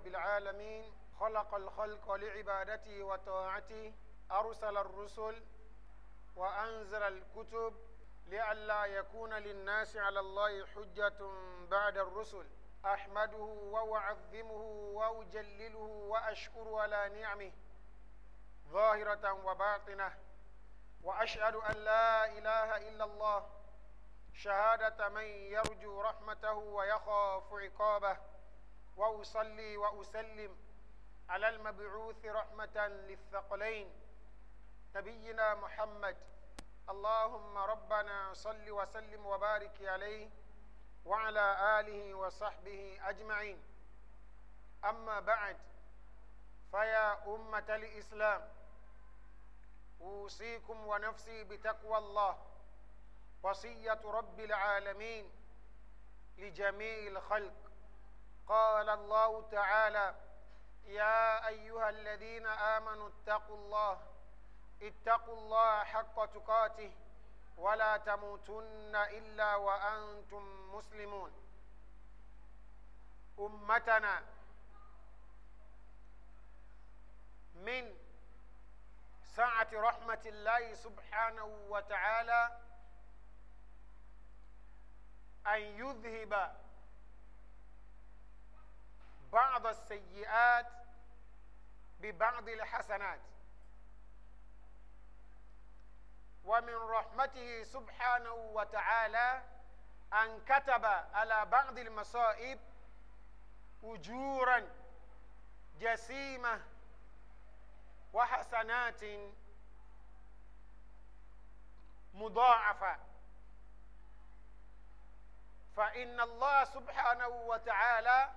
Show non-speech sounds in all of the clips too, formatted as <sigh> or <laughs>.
رب العالمين خلق الخلق لعبادته وطاعته أرسل الرسل وأنزل الكتب لئلا يكون للناس على الله حجة بعد الرسل أحمده وأعظمه وأجلله وأشكر على نعمه ظاهرة وباطنة وأشهد أن لا إله إلا الله شهادة من يرجو رحمته ويخاف عقابه وأصلي وأسلم على المبعوث رحمة للثقلين نبينا محمد اللهم ربنا صل وسلم وبارك عليه وعلى آله وصحبه أجمعين أما بعد فيا أمة الإسلام اوصيكم ونفسي بتقوى الله وصية رب العالمين لجميع الخلق قال الله تعالى يا أيها الذين آمنوا اتقوا الله اتقوا الله حق تقاته ولا تموتن إلا وأنتم مسلمون أمتنا من ساعة رحمة الله سبحانه وتعالى أن يذهب بعض السيئات ببعض الحسنات ومن رحمته سبحانه وتعالى أن كتب على بعض المصائب أجورا جسيمة وحسنات مضاعفة فإن الله سبحانه وتعالى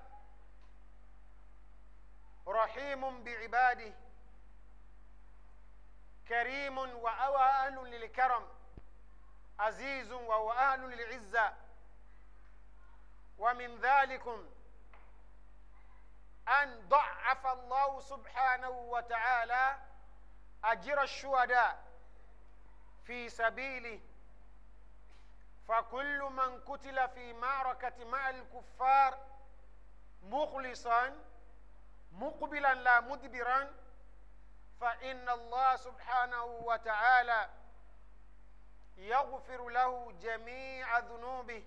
رحيم بعباده كريم وهو أهل للكرم عزيز وهو أهل للعزة ومن ذلكم أن ضعف الله سبحانه وتعالى أجر الشهداء في سبيله فكل من قتل في معركة مع الكفار مخلصاً مقبلا لا مدبرا فإن الله سبحانه وتعالى يغفر له جميع ذنوبه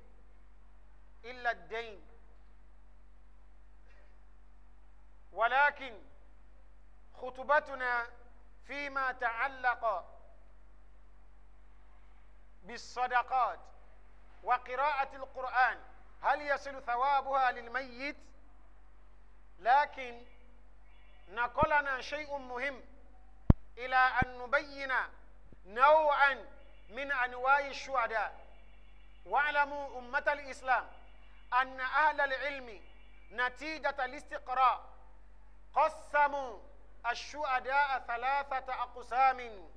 إلا الدين ولكن خطبتنا فيما تعلق بالصدقات وقراءة القرآن هل يصل ثوابها للميت؟ لكن نقلنا شيء مهم إلى أن نبين نوعا من أنواع الشهداء واعلموا أمة الإسلام أن أهل العلم نتيجة الاستقراء قسموا الشهداء ثلاثة أقسام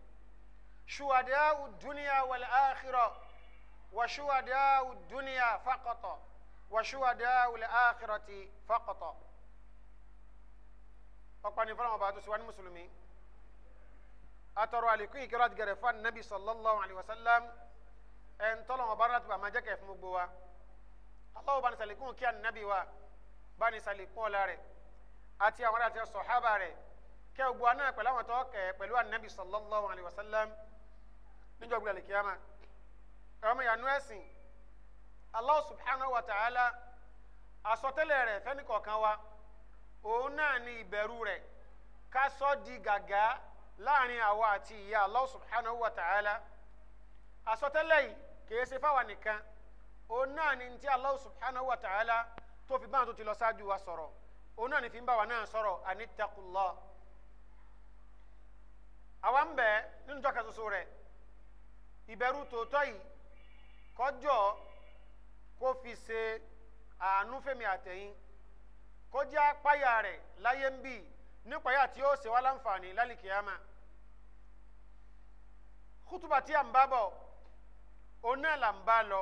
شهداء الدنيا والآخرة وشهداء الدنيا فقط وشهداء الآخرة فقط ọ̀pọ̀ ní fọlọ́mọba tó ṣe wá ní mùsùlùmí atọrọ àlékún ìkẹrọ àti gẹrẹ fún anabi sallallahu alayhi wa sallam ẹn tọ́lọ́mọba rárá tó bá máa jẹ́ kẹ́ fún gbogbo wa Allahu bá ní sàlékún kí anabi wa bá ní sàlékún ọ̀la rẹ̀ àti àwọn àti sọ̀hábà rẹ̀ kẹ́ gbogbo wa pẹ̀lú àwọn tó pẹ̀lú anabi sallallahu alayhi níjọ́ gbogbo òun náà ni ìbẹ̀rù rẹ̀ ká sọ di gàgá láàrin àwa àti ìyá Allah subhanahu wa ta'ala àsọtẹ́lẹ̀ yìí kìí ṣe fáwa nìkan òun náà ni ti Allah subhanahu wa ta'ala tó fi báwọn tó ti lọ ṣáájú wa sọ̀rọ̀ òun náà ni fi ń bá wa náà sọ̀rọ̀ àní taqullah àwa ń bẹ nínú tọ́ka ṣoṣo rẹ̀ ìbẹ̀rù tòótọ́ yìí kọjọ́ kó fi ṣe àánú fẹ́mi àtẹ̀yìn kọjá apáyà rẹ̀ láyé ń bì nípayà tí ó ṣe wá láǹfààní lálìkìyàmà kútùbà tí à ń bá bọ̀ òun náà là ń bá lọ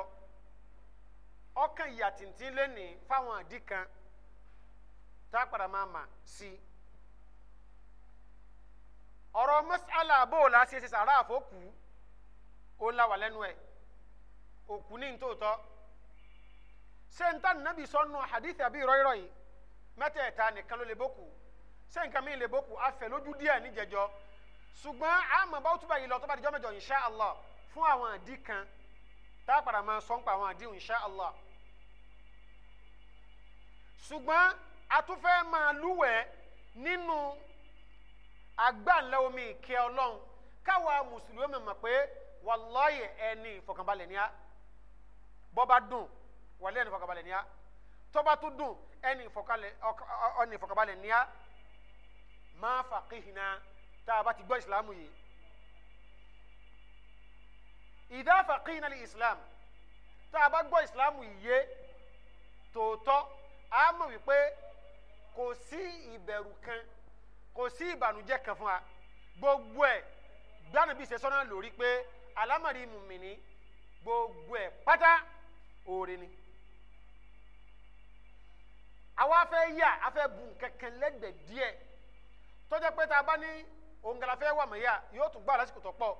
ọkàn ìyà tìǹtìǹ lẹ́nìí fáwọn àdí kan tá a padà máa mà sí i ọ̀rọ̀ mọ́sálà bó o la ṣe ṣe sàrà àfọ́kù ó la wà lẹ́nu ẹ̀ òkú ní ntòótọ́ ṣé n ta nàbì sọ́nù hadith àbí ìrọ̀ yìí mẹ́tẹ̀ẹ̀ta nìkan ló lè bókù ṣé nǹkan mi lè bókù afẹ́ lójú díẹ̀ níjẹjọ ṣùgbọ́n àmọ́ bá túbọ̀ yìí lọ tó bá di jọ́ mẹ́jọ insha Allah fún àwọn àdí kan tá a padà máa sọ́npa àwọn àdí insha Allah ṣùgbọ́n a tún fẹ́ máa lúwẹ̀ẹ́ nínú àgbàǹlẹ̀ omi ìkẹ́ ọlọ́run káwa mùsùlùmí mọ̀ pé wàlọ́yẹ̀ ẹni ìfọ̀kànbalẹ̀ ni á dùn wàlẹ́ ẹni ìfọ̀kànbalẹ̀ ni á tọ́ dùn ẹni ìfọkalẹ̀ ọni ìfọkabalẹ̀ níyà máa faqihna tá a bá ti gbọ́ ìsìlámù yìí idha faqihna li ìsìlámù tá a bá gbọ́ ìsìlámù yìí yé tòótọ́ a mọ̀ wípé kò sí ìbẹ̀rù kan kò sí ìbànújẹ́ kan fún wa gbogbo ẹ̀ gbanu bí sẹ́sọ́nà lórí pé alámọ̀rí mùmìnì gbogbo ẹ̀ pátá òòrè ni àwa fẹ́ yà afẹ́ bu kẹ̀kẹ́ lẹ́gbẹ̀ẹ́ díẹ̀ tọ́jà pé tá a bá ní òǹgàlà fẹ́ wà mẹ́yà yóò tún gbà lásìkò tó pọ̀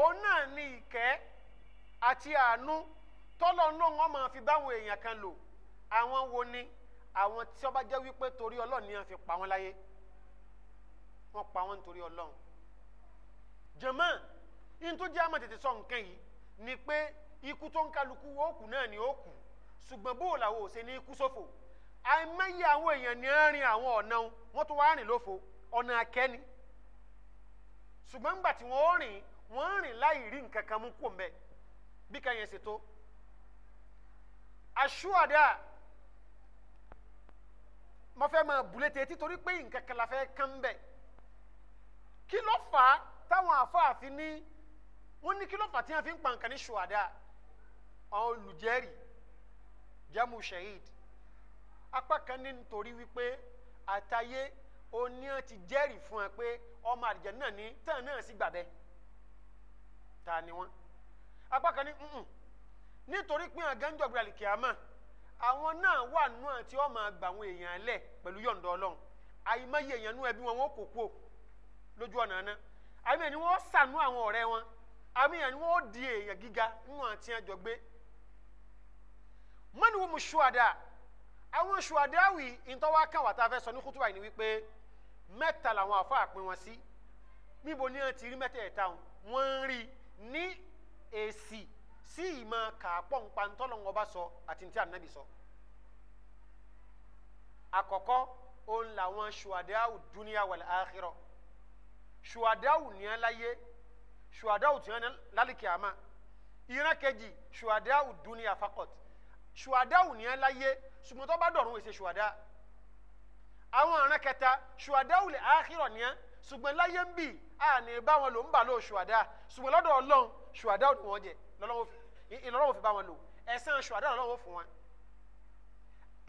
òun náà ní ìkẹ́ àti àánú tọ́lọ̀ náà wọ́n máa fi báwọn èèyàn kan lò àwọn wo ni àwọn tí ó bá jẹ́ wípé torí ọlọ́run ni wọ́n fi pa wọ́n láyé wọ́n pa wọ́n nítorí ọlọ́run jẹ̀mọ́ nítorí àmọ́ tètè sọ nǹkan yìí ni pé ikú tó ń kálukú ó kù náà ni ó kù ṣùgbọ́n bóòlà wo ò ṣe ní ikú ṣòfò àìmọye àwọn èèyàn ní rìn àwọn ọ̀nà wọn tó wá rìn lófo ọ̀nà akẹ́ni ṣùgbọ́n nígbà tí wọ́n rìn wọ́n rìn láì rí nǹkan kan mú kó mbẹ́ bí kan yẹn ṣe tó aṣọ́ọ̀dà mo fẹ́ máa bùlẹ́tẹ̀ títorí pé nǹkan kan la fẹ́ kán mbẹ́ kí ló fà á táwọn afáàfin ní wọ́n ní kí ló fà á tí wọ́n fi ń pa nǹkan ní ṣọ́ọ̀dà àwọn olùjẹ́rìí jamu shahid apá kan ní nítorí wípé àtayé oníyàn ti jẹ́rìí fún ẹ pé ọmọ àdìjẹ náà ní tán náà sì gbàbẹ ta ni wọn apá kan ní nítorí pé àgánjọ̀gbìn àlìkìyàmọ̀ àwọn náà wà nù àti ọmọ àgbà àwọn èèyàn lẹ̀ pẹ̀lú yọ̀ǹda ọlọ́run àyìmáyé èèyàn nú ẹbí wọn wọn kò kú lójú ọ̀nà àná àmì ẹni wọn sànú àwọn ọ̀rẹ́ wọn àmì ẹni wọn di èèyàn gíga nù àti àjọgbé mọ́nìwó mu ṣúadà àwọn ṣùwàdáwì ìtọ́wá kan wà tá a fẹ́ sọ ní kútùbà yìí ni wípé mẹ́ta làwọn àfáà pín wọn sí níbo ni wọ́n ti rí mẹ́tẹ̀ẹ̀ta wọ́n ń rí ní èsì sí ìmọ̀ kàápọ̀ ńpantọ́lọ́wọ́n bá sọ àti ní tí ànábì sọ. àkọ́kọ́ òun làwọn ṣùwàdáwì dúníà wal àkhírà ṣùwàdáwì ní ẹ láyé ṣùwàdáwì tí wọ́n lálìkì àmà ìran kejì ṣùwàdáwì dúníà fakọ̀t ṣùwàdáwì ní ẹ láyé ṣùgbọ́n tó bá dọ̀rùn èsè ṣùwádà àwọn ọ̀ràn kẹta ṣùwádà wùlé àákìrọ̀ nìyẹn ṣùgbọ́n láyé ń bì á ní bá wọn lò ń bà lò ṣùwádà ṣùgbọ́n lọ́dọ̀ ọlọ́run ṣùwádà ò ní wọ́n jẹ ìlọ́lọ́wọ́ fi bá wọn lò ẹ̀sán ṣùwádà ọlọ́wọ́ fún wọn.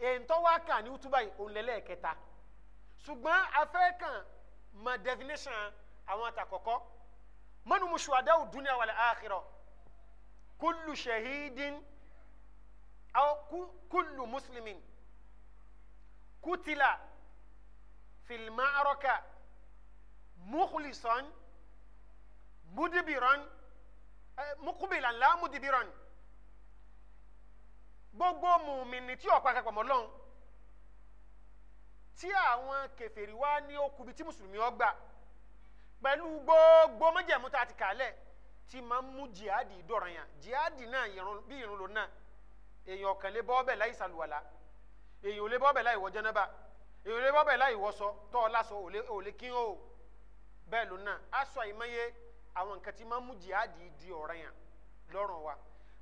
èntọ́ wá kàn ní útúbà yìí òun lẹ́lẹ́ kẹta ṣùgbọ́n afẹ́ definition àwọn àtàkọ́kọ́ mọ́nùmú ṣùwádà ò dúnìá wàlẹ̀ àákìrọ̀ kúlù ṣẹ̀hídìn أو كل مسلم kutila في المعركة mukhlisan mudibiran eh, mukubilan لا mudibiran gbogbo mùmìnì tí ọ̀pá akẹ́kọ̀ọ́ mọ́ lọ́hùn tí àwọn kèfèrí wá ní okùnbi tí mùsùlùmí ọgbà pẹ̀lú gbogbo májẹ̀mú tá a ti kà á lẹ̀ tí máa ń mú jihadi dọ̀ranyàn jihadi náà bí irun lò náà èèyàn ọ̀kan lè bọ́ ọbẹ̀ láì sàlùwàlà èèyàn ò lè bọ́ ọbẹ̀ láì wọ jẹ́nẹ́bà èèyàn ò lè bọ́ ọbẹ̀ láì wọṣọ tọ́ ọ lásọ ò lè kí ó bẹ́ẹ̀ ló náà aṣọ àìmọye àwọn nǹkan tí máa ń mú jihadi di ọ̀ràn yẹn lọ́rùn wa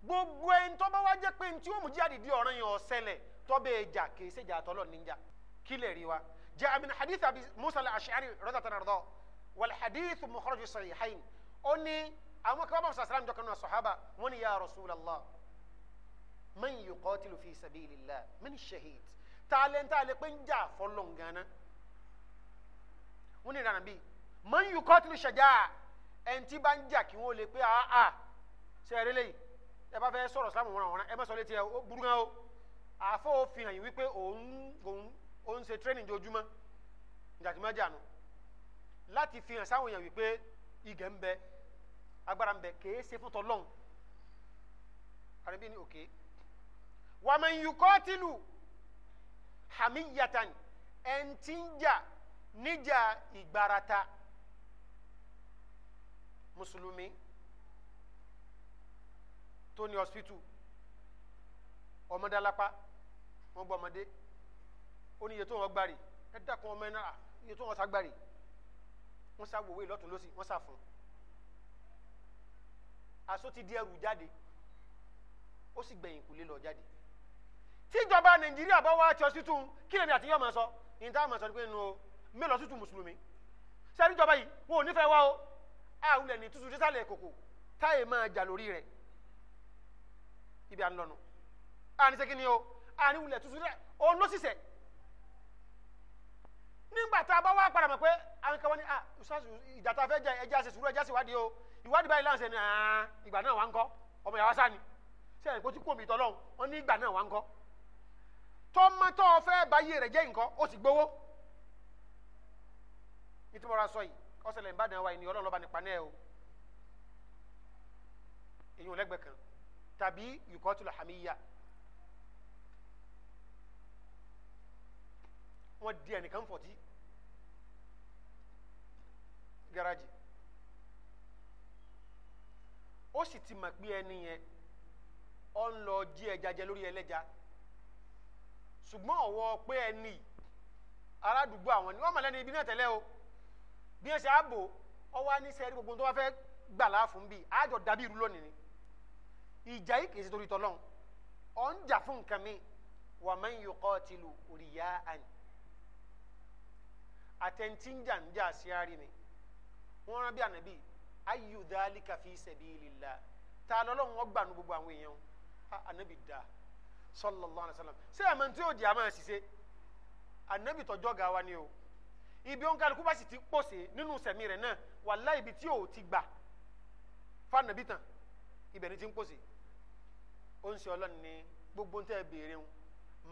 gbogbo ẹni tó bá wá jẹ́ pé tí ó mú jihadi di ọ̀ràn yẹn ọ̀sẹ̀lẹ̀ tọ́bẹ̀ ẹja kì ṣèjà àtọ́lọ́ níjà kílẹ̀ rí wa jẹ́ amin hadith abi musa al-ashari rọ́tàtàn rọ́tà wal hadith mukhraj sahihain ó ní àwọn kan bá musa sàlámù jọ kan náà rasulallah. من يقاتل في سبيل الله من الشهيد؟ taalen pé ń jà fọlọ́n gánà wọ́n ní ìlànà bíi man yuqatilu shaja'a ẹni tí bá ń jà kí wọ́n lè pé àá ah, ah, ṣe é rélẹ́yìn ẹ bá fẹ́ sọ̀rọ̀ sílámù wọn àwọn ẹ má sọ létí ẹ ó burú gan o àfọ òfin hàn yín wípé òun òun òun ṣe training jojúmọ́ ìjàdí láti fi hàn sáwọn èèyàn wípé igẹ̀ ń bẹ agbára ń bẹ kèé ṣe fún tọ́lọ́hún àrẹ́bí ni òkè. Okay wàmán yukọ́tìlù hamiyatan ẹ̀ǹtìjà níjà ìgbarata mùsùlùmí tó ní ọ̀sìpìtù ọmọdálapa wọn gbọ́ ọmọdé ó ní iye tó wọn gbàrí ẹ dákun ọmọ ẹ náà iye tó wọn sá gbàrí wọn sá wòwe lọ́tún lọ́sì wọn sá fún aso ti di ẹrù jáde ó sì gbẹ̀yìn kùlé lọ jáde tíjọba nàìjíríà bá wá aṣọ tuntun kí lèmi àti yín ọmọ sọ ní táwọn ọmọ sọ pé nù o mélòó tuntun mùsùlùmí sẹ́ni ìjọba yìí wọn ò nífẹ̀ẹ́ wá o àwùlẹ̀ ní tuntun sísàlẹ̀ kòkò táyé máa jà lórí rẹ̀ ibi à ń lọ́nu àní ṣe kíni o àní wulẹ̀ tuntun rẹ̀ òun ló ṣiṣẹ́ nígbà tá a bá wá padà mọ̀ pé àwọn kan wọ́n ní ìjà tá a fẹ́ jẹ ẹja ṣe sùúrù ẹja ṣe wádìí o ìwádìí báyìí láǹṣẹ ni ìgbà náà wà ń kọ́ ọmọ yàrá sáà ni sẹ́yìn kó tí kò mí tọ́lọ́ wọn ní ìgbà náà wà ń kọ́ tọ́mọtọ́ fẹ́ báyé rẹ̀ jẹ́ nǹkan ó sì gbowó nítorí wọn sọ yìí ọ̀sẹ̀lẹ̀ ìbàdàn wa ènìyàn ọlọ́ọ̀lọ́ba nípa náà o èyí ò lẹ́gbẹ̀ẹ́ kan tàbí yukọ́tù làhàmìyà wọ́n di ẹnìkan fọ̀tí garaji ó sì ti mọ̀ pé ẹni yẹn ọ̀ ń lọ jí ẹja jẹ lórí ẹlẹ́ja. E ṣùgbọ́n ọ̀wọ́ pé ẹni aládùúgbò àwọn ni wọ́n mọ̀ lẹ́nu ibi náà tẹ́lẹ̀ o bí wọ́n ṣe àbò ọwọ́ aníṣẹ́ rí gbogbo tó bá fẹ́ gbà láàfún bíi àjọ dàbí irú lónìí ni ìjà yìí kìí ṣe torí tọ́lọ́n ọ̀ ń jà fún nǹkan mi wà man yuqatilu riya'an àtẹ̀ntì ń jà ń jà sí àárín mi wọ́n rán bí ànábì ayu dhalika fi sabilillah ta lọ́lọ́run wọ́n gbà nu gbogbo àwọn èèyàn sallallahu alaihi wasallam ṣé ẹ̀ mẹ́ntì ó di àmọ́ ẹ̀ ṣiṣẹ́ anabi tọjọ́ ga wa ni o ibi ó ń kálukú bá sì ti pòsè nínú sẹ̀mí rẹ̀ náà wàlá ibi tí ò ti gbà fànàbí tàn ibẹ̀ ni ti ń pòsè ó ń ṣe ọlọ́ni ní gbogbo ń tẹ́ béèrè ń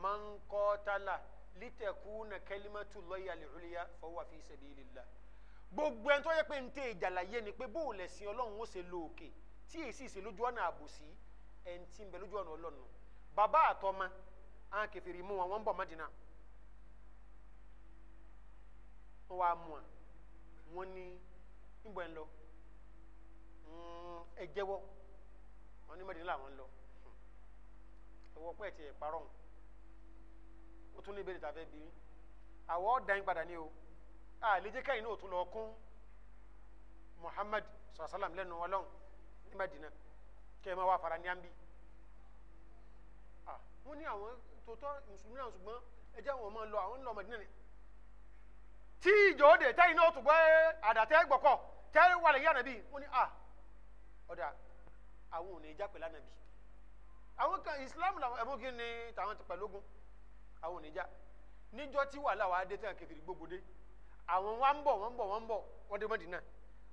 man qatala litakuna kalimatu llahi al-ulya fahuwa fi sabilillah gbogbo ẹni tó yẹ pé ń tẹ ìjàlàyé ni pé bóòlù ẹ̀sìn ọlọ́run ó ṣe lóòkè tí èsì ìṣèlójú ọ̀nà àbòsí ẹ̀ ń tí ń bẹ lójú ọ̀nà ọlọ́run baba àtọ́mọ àwọn kẹfìrì mú wọn wọ́n ń bọ̀ Mádínà wọ́n wá mú wọn wọ́n ní níbo ẹ̀ ń lọ hmm, ẹ jẹ́wọ́ wọn ní Mádínà làwọn ń lọ ẹ̀wọ́ pẹ́ẹ́ tiẹ̀ parọ́ wọn ó tún ní ìbéèrè tàfẹ́ bí àwọ̀ ọ̀dàn o àlejò káyìn náà ó tún lọ Muhammad sọ̀rọ̀ sálàm lẹ́nu ọlọ́run ní Mádínà kẹ́ ẹ máa wá fara ní àmbí wọ́n ní àwọn tòótọ́ mùsùlùmí náà ṣùgbọ́n ẹ jẹ́ àwọn ọmọ lọ àwọn ńlọ Mẹdínà ni. tí ìjọ òde tẹ́yìn náà tó gbọ́ àdàtẹ́ gbọ́kọ̀ tẹ́ wà lẹ́yìn ànàbí wọ́n ní à ọ̀dà àwọn ò ní já pẹ̀lú ànàbí àwọn kan Islam làwọn ẹ̀mú kí ni tàwọn ti pẹ̀lú ogun àwọn ò ní já níjọ́ tí wàhálà wàá dé tẹ́yìn kẹfìrí gbógun dé àwọn wa ń bọ̀ wọ́n ń bọ̀ wọ́n ń bọ̀ wọ́n dé Mẹdínà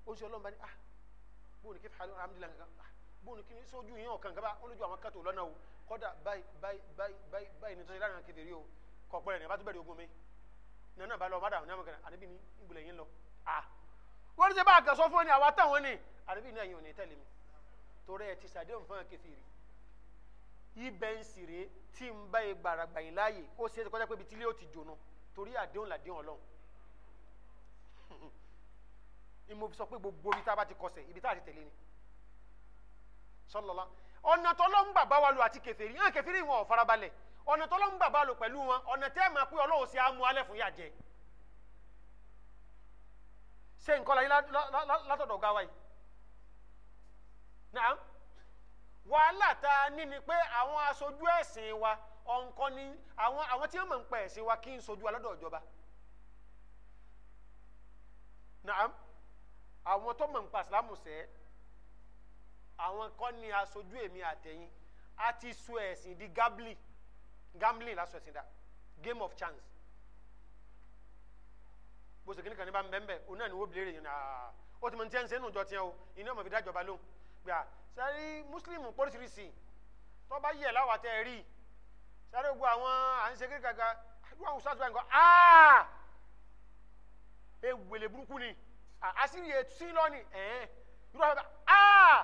ó ṣe ọlọ́run bá à bóun ní kẹfì bóun kí ni sójú yín ọ̀kan gaba ó lójú àwọn kẹtò lọ́nà o kọ́dà báyìí báyìí báyìí báyìí nítorí láàrin kedere o kọ̀pọ̀ rẹ̀ ní abá tó bẹ̀rẹ̀ ogun mi nana ba lọ ọba dàmú ní amagana àdébí ni ìgbìlẹ̀ yín lọ a ah, wọ́n ti bá a gẹ̀sọ́ fún ni àwa táwọn ni àdébí ni ẹ̀yin ò ní tẹ̀lé mi torí ẹ ti sàdéhùn fún akẹ́fìrì ibẹ̀ ń sèré tí ń bá gbàràgbà yìí láàyè ó ṣe é kọjá pé ibi tí ilé ó ti jóná torí àdéhùn làdéhùn ọlọ́run <laughs> ni mo sọ pé gbogbo ibi tá a bá ti kọsẹ̀ ibi tá a ti tẹ̀lé ni sọlọlá ọ̀nà tọ́lọ́hún bàbá wa lò àti kẹfẹ́rí hàn kẹfẹ́rí wọn ò farabalẹ̀ ọ̀nà tọ́lọ́hún bàbá lò pẹ̀lú wọn ọ̀nà tẹ́ máa pé ọlọ́run ṣe amú alẹ́ fún yàjẹ́ ṣé nǹkan láyé látọ̀dọ̀ ọ̀gá wa yìí náà wàhálà tá a ní ni pé àwọn aṣojú ẹ̀sìn wa ọ̀nkọ́ ni àwọn tí wọ́n máa ń pa ẹ̀sìn wa kí n sojú alọ́dọ̀ ìjọba náà àwọn tó máa ń pa ìsìlámù sẹ́ẹ́ àwọn kọ́ ni aṣojú èmi àtẹ̀yìn a ti sọ ẹ̀sìn di gambling gambling lásọ ẹ̀sìn dá game of chance bó ṣe kíní kan ní bá ń bẹ́ẹ̀ bẹ́ẹ̀ òun náà ni wọ́n bìlérè yìí náà ó ti mọ tiẹ́ ń sẹ́nu ìjọ tiẹ́ o iná ọmọ fi dájọba lóhùn gbà sẹ́rí mùsùlùmù pọ́ríṣiríṣi tó bá yẹ̀ láwàá tẹ́ ẹ rí sẹ́rí gbogbo àwọn à ń ṣe kíní kankan àdúrà àwọn sáàtúbà nǹkan áà ewele burúkú ni àṣírí ètùsí lọ́ni ẹ̀ẹ́n irú àwọn áà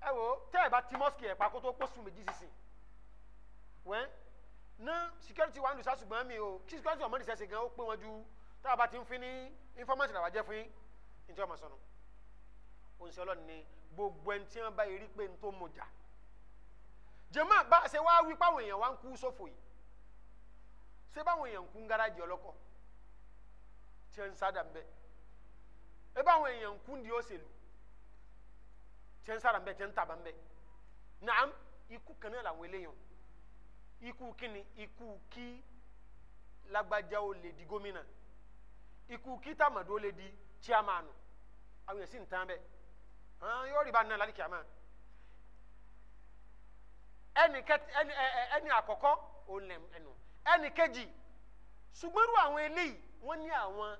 ẹ wo tẹ́ ẹ bá ti mọ́sìkì ẹ̀ pa kó tó pósù méjì sísìn wẹ́n ná security wa ń lù sá mi o kí security ọmọ nìṣẹ́ ṣe gan ó pé wọn ju tá a bá ti ń fi ní information àwàjẹ́ fún yín ní tí wọ́n máa sọnù oníṣẹ́ ọlọ́run ni gbogbo ẹni tí wọ́n bá rí pé n tó mọ̀ jà jẹ́mọ́ bá ṣe wá wí páwọn èèyàn wá ń kú sófò yìí ṣé báwọn èèyàn ń kú ń gáràjì ọlọ́kọ̀ tí wọ́n ń sádà ń bẹ́ ẹ báwọn èèyàn ń kú ń di òṣèlú kyɛn sara mbɛ kyɛn taba mbɛ naam ikú kanna la wele yẹn ikú kini ikú kí lágbájá ó di gómìnà ikú kí tamadu ó lè di chairman àwọn yẹn sì ń tán bẹ hàn yóò rí ba nínú aládìkí àmà ẹni kẹt ẹni ẹ ẹni àkọ́kọ́ òun lẹ̀ ẹnu ẹni kejì ṣùgbọ́n irú àwọn eléyìí wọ́n ní àwọn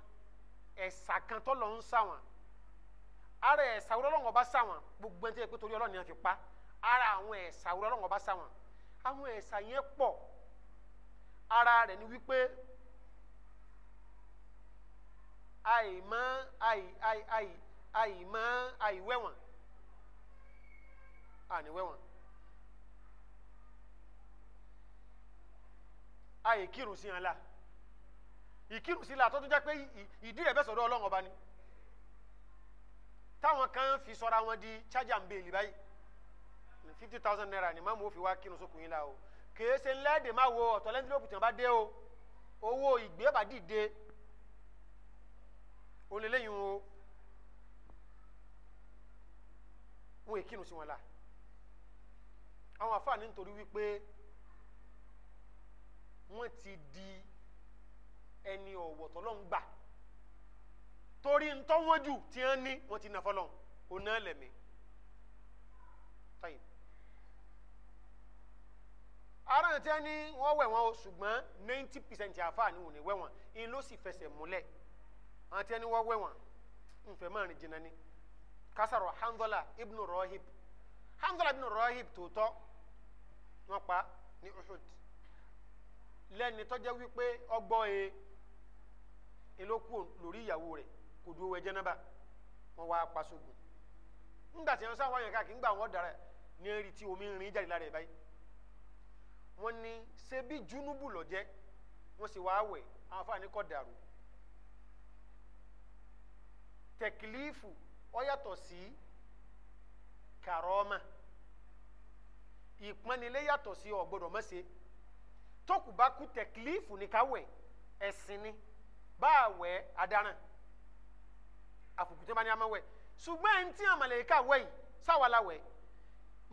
ara ẹ̀sà ọlọ́run ọba sáwọn gbogbo ẹni tó yẹ pé torí ọlọ́run ni wọ́n fi pa ara àwọn ẹ̀sà ọlọ́run ọba sáwọn àwọn ẹ̀sà yẹn pọ̀ ara rẹ̀ ni wípé àìmọ́ àì àì àì àìmọ́ àìwẹ̀wọ̀n àníwẹ̀wọ̀n àìkírùn sí hàn la ìkírùn sí la tó tún jẹ́ pé ìdí rẹ̀ bẹ́ ọlọ́run ọba ni táwọn kan fi sọra wọn di chájà ń bèèlì báyìí fifty thousand naira ni máàmù ó fi wá kírun sókun yín la o kèé ṣe ńlá èdè máa wo ọ̀tọ̀ lẹ́ńdílọ́pù tí wọ́n bá dé o owó ìgbé bá dìde olèléyìn o wọn èkìrun sí wọn la àwọn àfààní nítorí wípé wọ́n ti di ẹni ọ̀wọ̀tọ̀ ló ń gbà. torí ntọ́wọ́jú tí wọ́n ní wọ́n ti nàfọ́ lọ́n òun náà lẹ̀mí. ara àti ẹni wọ́n wẹ̀ wọn o ṣùgbọ́n ninety percent àfáà ni wọ́n ní wẹ̀ wọn in ló sì fẹsẹ̀ múlẹ̀ àti ẹni wọ́n wẹ̀ wọn nfẹ̀ máa rìn jìnnà ni kásàrọ̀ hanzola ibnu rohib hanzola ibnu rohib tòótọ́ wọ́n pa ní uhud lẹ́ni tọ́jẹ́ wípé ọgbọ́n e, e lórí ìyàwó rẹ̀ kò dúró wẹ̀ jẹ́nẹ́bà wọ́n wá paṣogun ńgbà tí wọ́n sáwọn yẹn káàkiri ńgbà wọ́n dara ní eré tí omi rìn jáde lára ẹ̀ báyìí wọ́n ní ṣebí junubu lọ́jẹ́ wọ́n sì wáá wẹ̀ àwọn afáàní kọ́ dàrú tẹkilifu ó sí kàrọ́ọ̀mà ìpọ́nilé yàtọ̀ sí ó gbọ́dọ̀ má ṣe tókù bá kú tẹkilifu ni báà wẹ̀ àfùkù tí wọn bá ní ama wẹ ṣùgbọ́n ẹni tí àwọn màlẹ́kà wẹ̀ yìí sáwàlà wẹ̀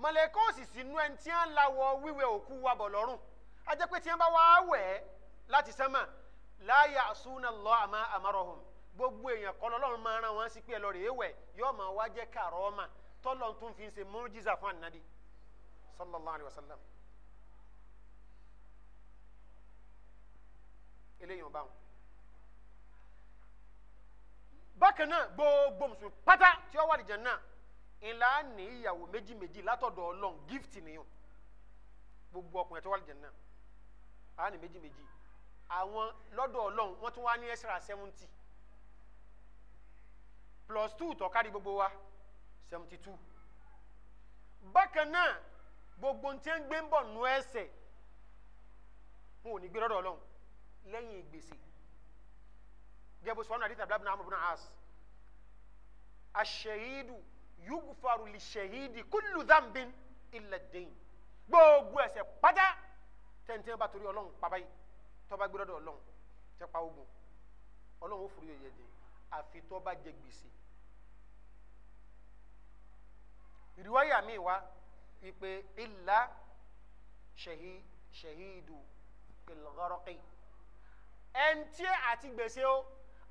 màlẹ́kà ó sì sínú ẹni tí wọn la wọ wíwẹ̀ òkú wa bọ̀ lọ́rùn ajẹ́ pé tí wọn bá wá wẹ̀ láti sánmà láàyè àsúná lọ àmà àmàrọ̀hùn gbogbo èèyàn kọ́ lọ́lọ́run máa ran wọn sí pé ẹlọ́rẹ̀ èèwẹ̀ yóò máa wá fi ń ṣe fún ànábì sallallahu alayhi wa sallam eléyìí ò bá wọn bákan náà gbogbo mùsùlùmí pátá tí ó wà ní Jánnà ńlá ní ìyàwó méjì méjì látọ̀dọ̀ Ọlọ́run gift nìyàn gbogbo ọkùnrin tó wà ní Jánnà á ní méjì méjì àwọn lọ́dọ̀ Ọlọ́run wọ́n tún wá ní ẹ̀sìrà seventy plus two tó kárí gbogbo wa seventy two bákan náà gbogbo ntí ń gbé ń bọ̀ nù ẹsẹ̀ wọn ò ní gbé lọ́dọ̀ Ọlọ́run lẹ́yìn ìgbésẹ̀ gẹ́gẹ́ sọ́nà àdìtà bíláàbí náà amúbùnà as aṣèhídù yugfaru lè ṣèhídì kúlù dàmbín ilẹ̀ dẹ́yìn gbogbo ẹ̀ṣẹ̀ pátá tẹ̀ntẹ̀n bá torí ọlọ́run pàbá yìí tọ́ba gbé lọ́dọ̀ ọlọ́run tẹ́ pa ogun ọlọ́run ó fòrò yẹ̀yẹ̀ dé àfi tọ́ba jẹ gbèsè ìrìwáyà mi wá wípé ilà ṣèhídù kìlọ̀gọ́rọ́kì ẹ̀ńtí àti gbèsè o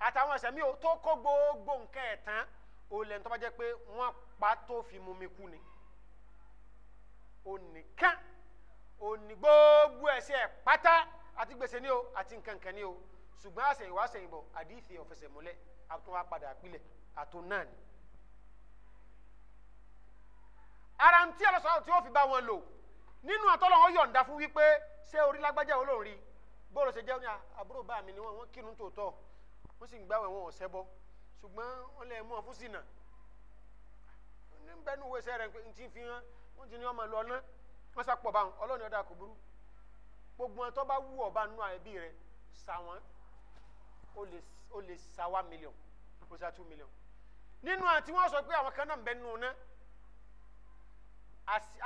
àtàwọn ẹsẹ̀ mi ò tó kó gbogbo nǹkan ẹ̀ tán olè ń tọ́ bá jẹ́ pé wọ́n pa tó fi mumi kú ni onìkan òní gbogbo ẹsẹ̀ pátá àti gbèsè ni o àti nkankan ni o ṣùgbọ́n àṣẹyìn wá ṣẹyìn bọ̀ àdìsí ọ̀fẹsẹ̀ múlẹ̀ àtún wá padà àpilẹ̀ àtún náà ni. ara ń tí ọlọ́sọ̀rọ̀ tí ó fi bá wọn lò nínú àtọ́lọ́ wọn yọ̀ǹda fún wípé ṣé orí lágbájá olórin bóòlù ṣe jẹ́ àbúrò bá mi ni wọ́n kírun tòótọ́ wọ́n sì ń gbáwẹ̀ wọn ò ṣẹbọ ṣùgbọ́n wọ́n lè mú ọ fún sínà ní bẹ́ẹ̀ ní wẹ́sẹ̀ rẹ̀ ń ti fi hàn wọ́n ti ní ọmọ lọ ná wọ́n sá pọ̀ bá wọn ọlọ́ọ̀ni ọ̀dà kò burú gbogbo wọn tó bá wú ọba nù àìbí rẹ̀ sà wọ́n ó lè sà wá mílíọ̀n ó sà tú mílíọ̀n nínú àti wọ́n sọ pé àwọn kan náà ń bẹ nù náà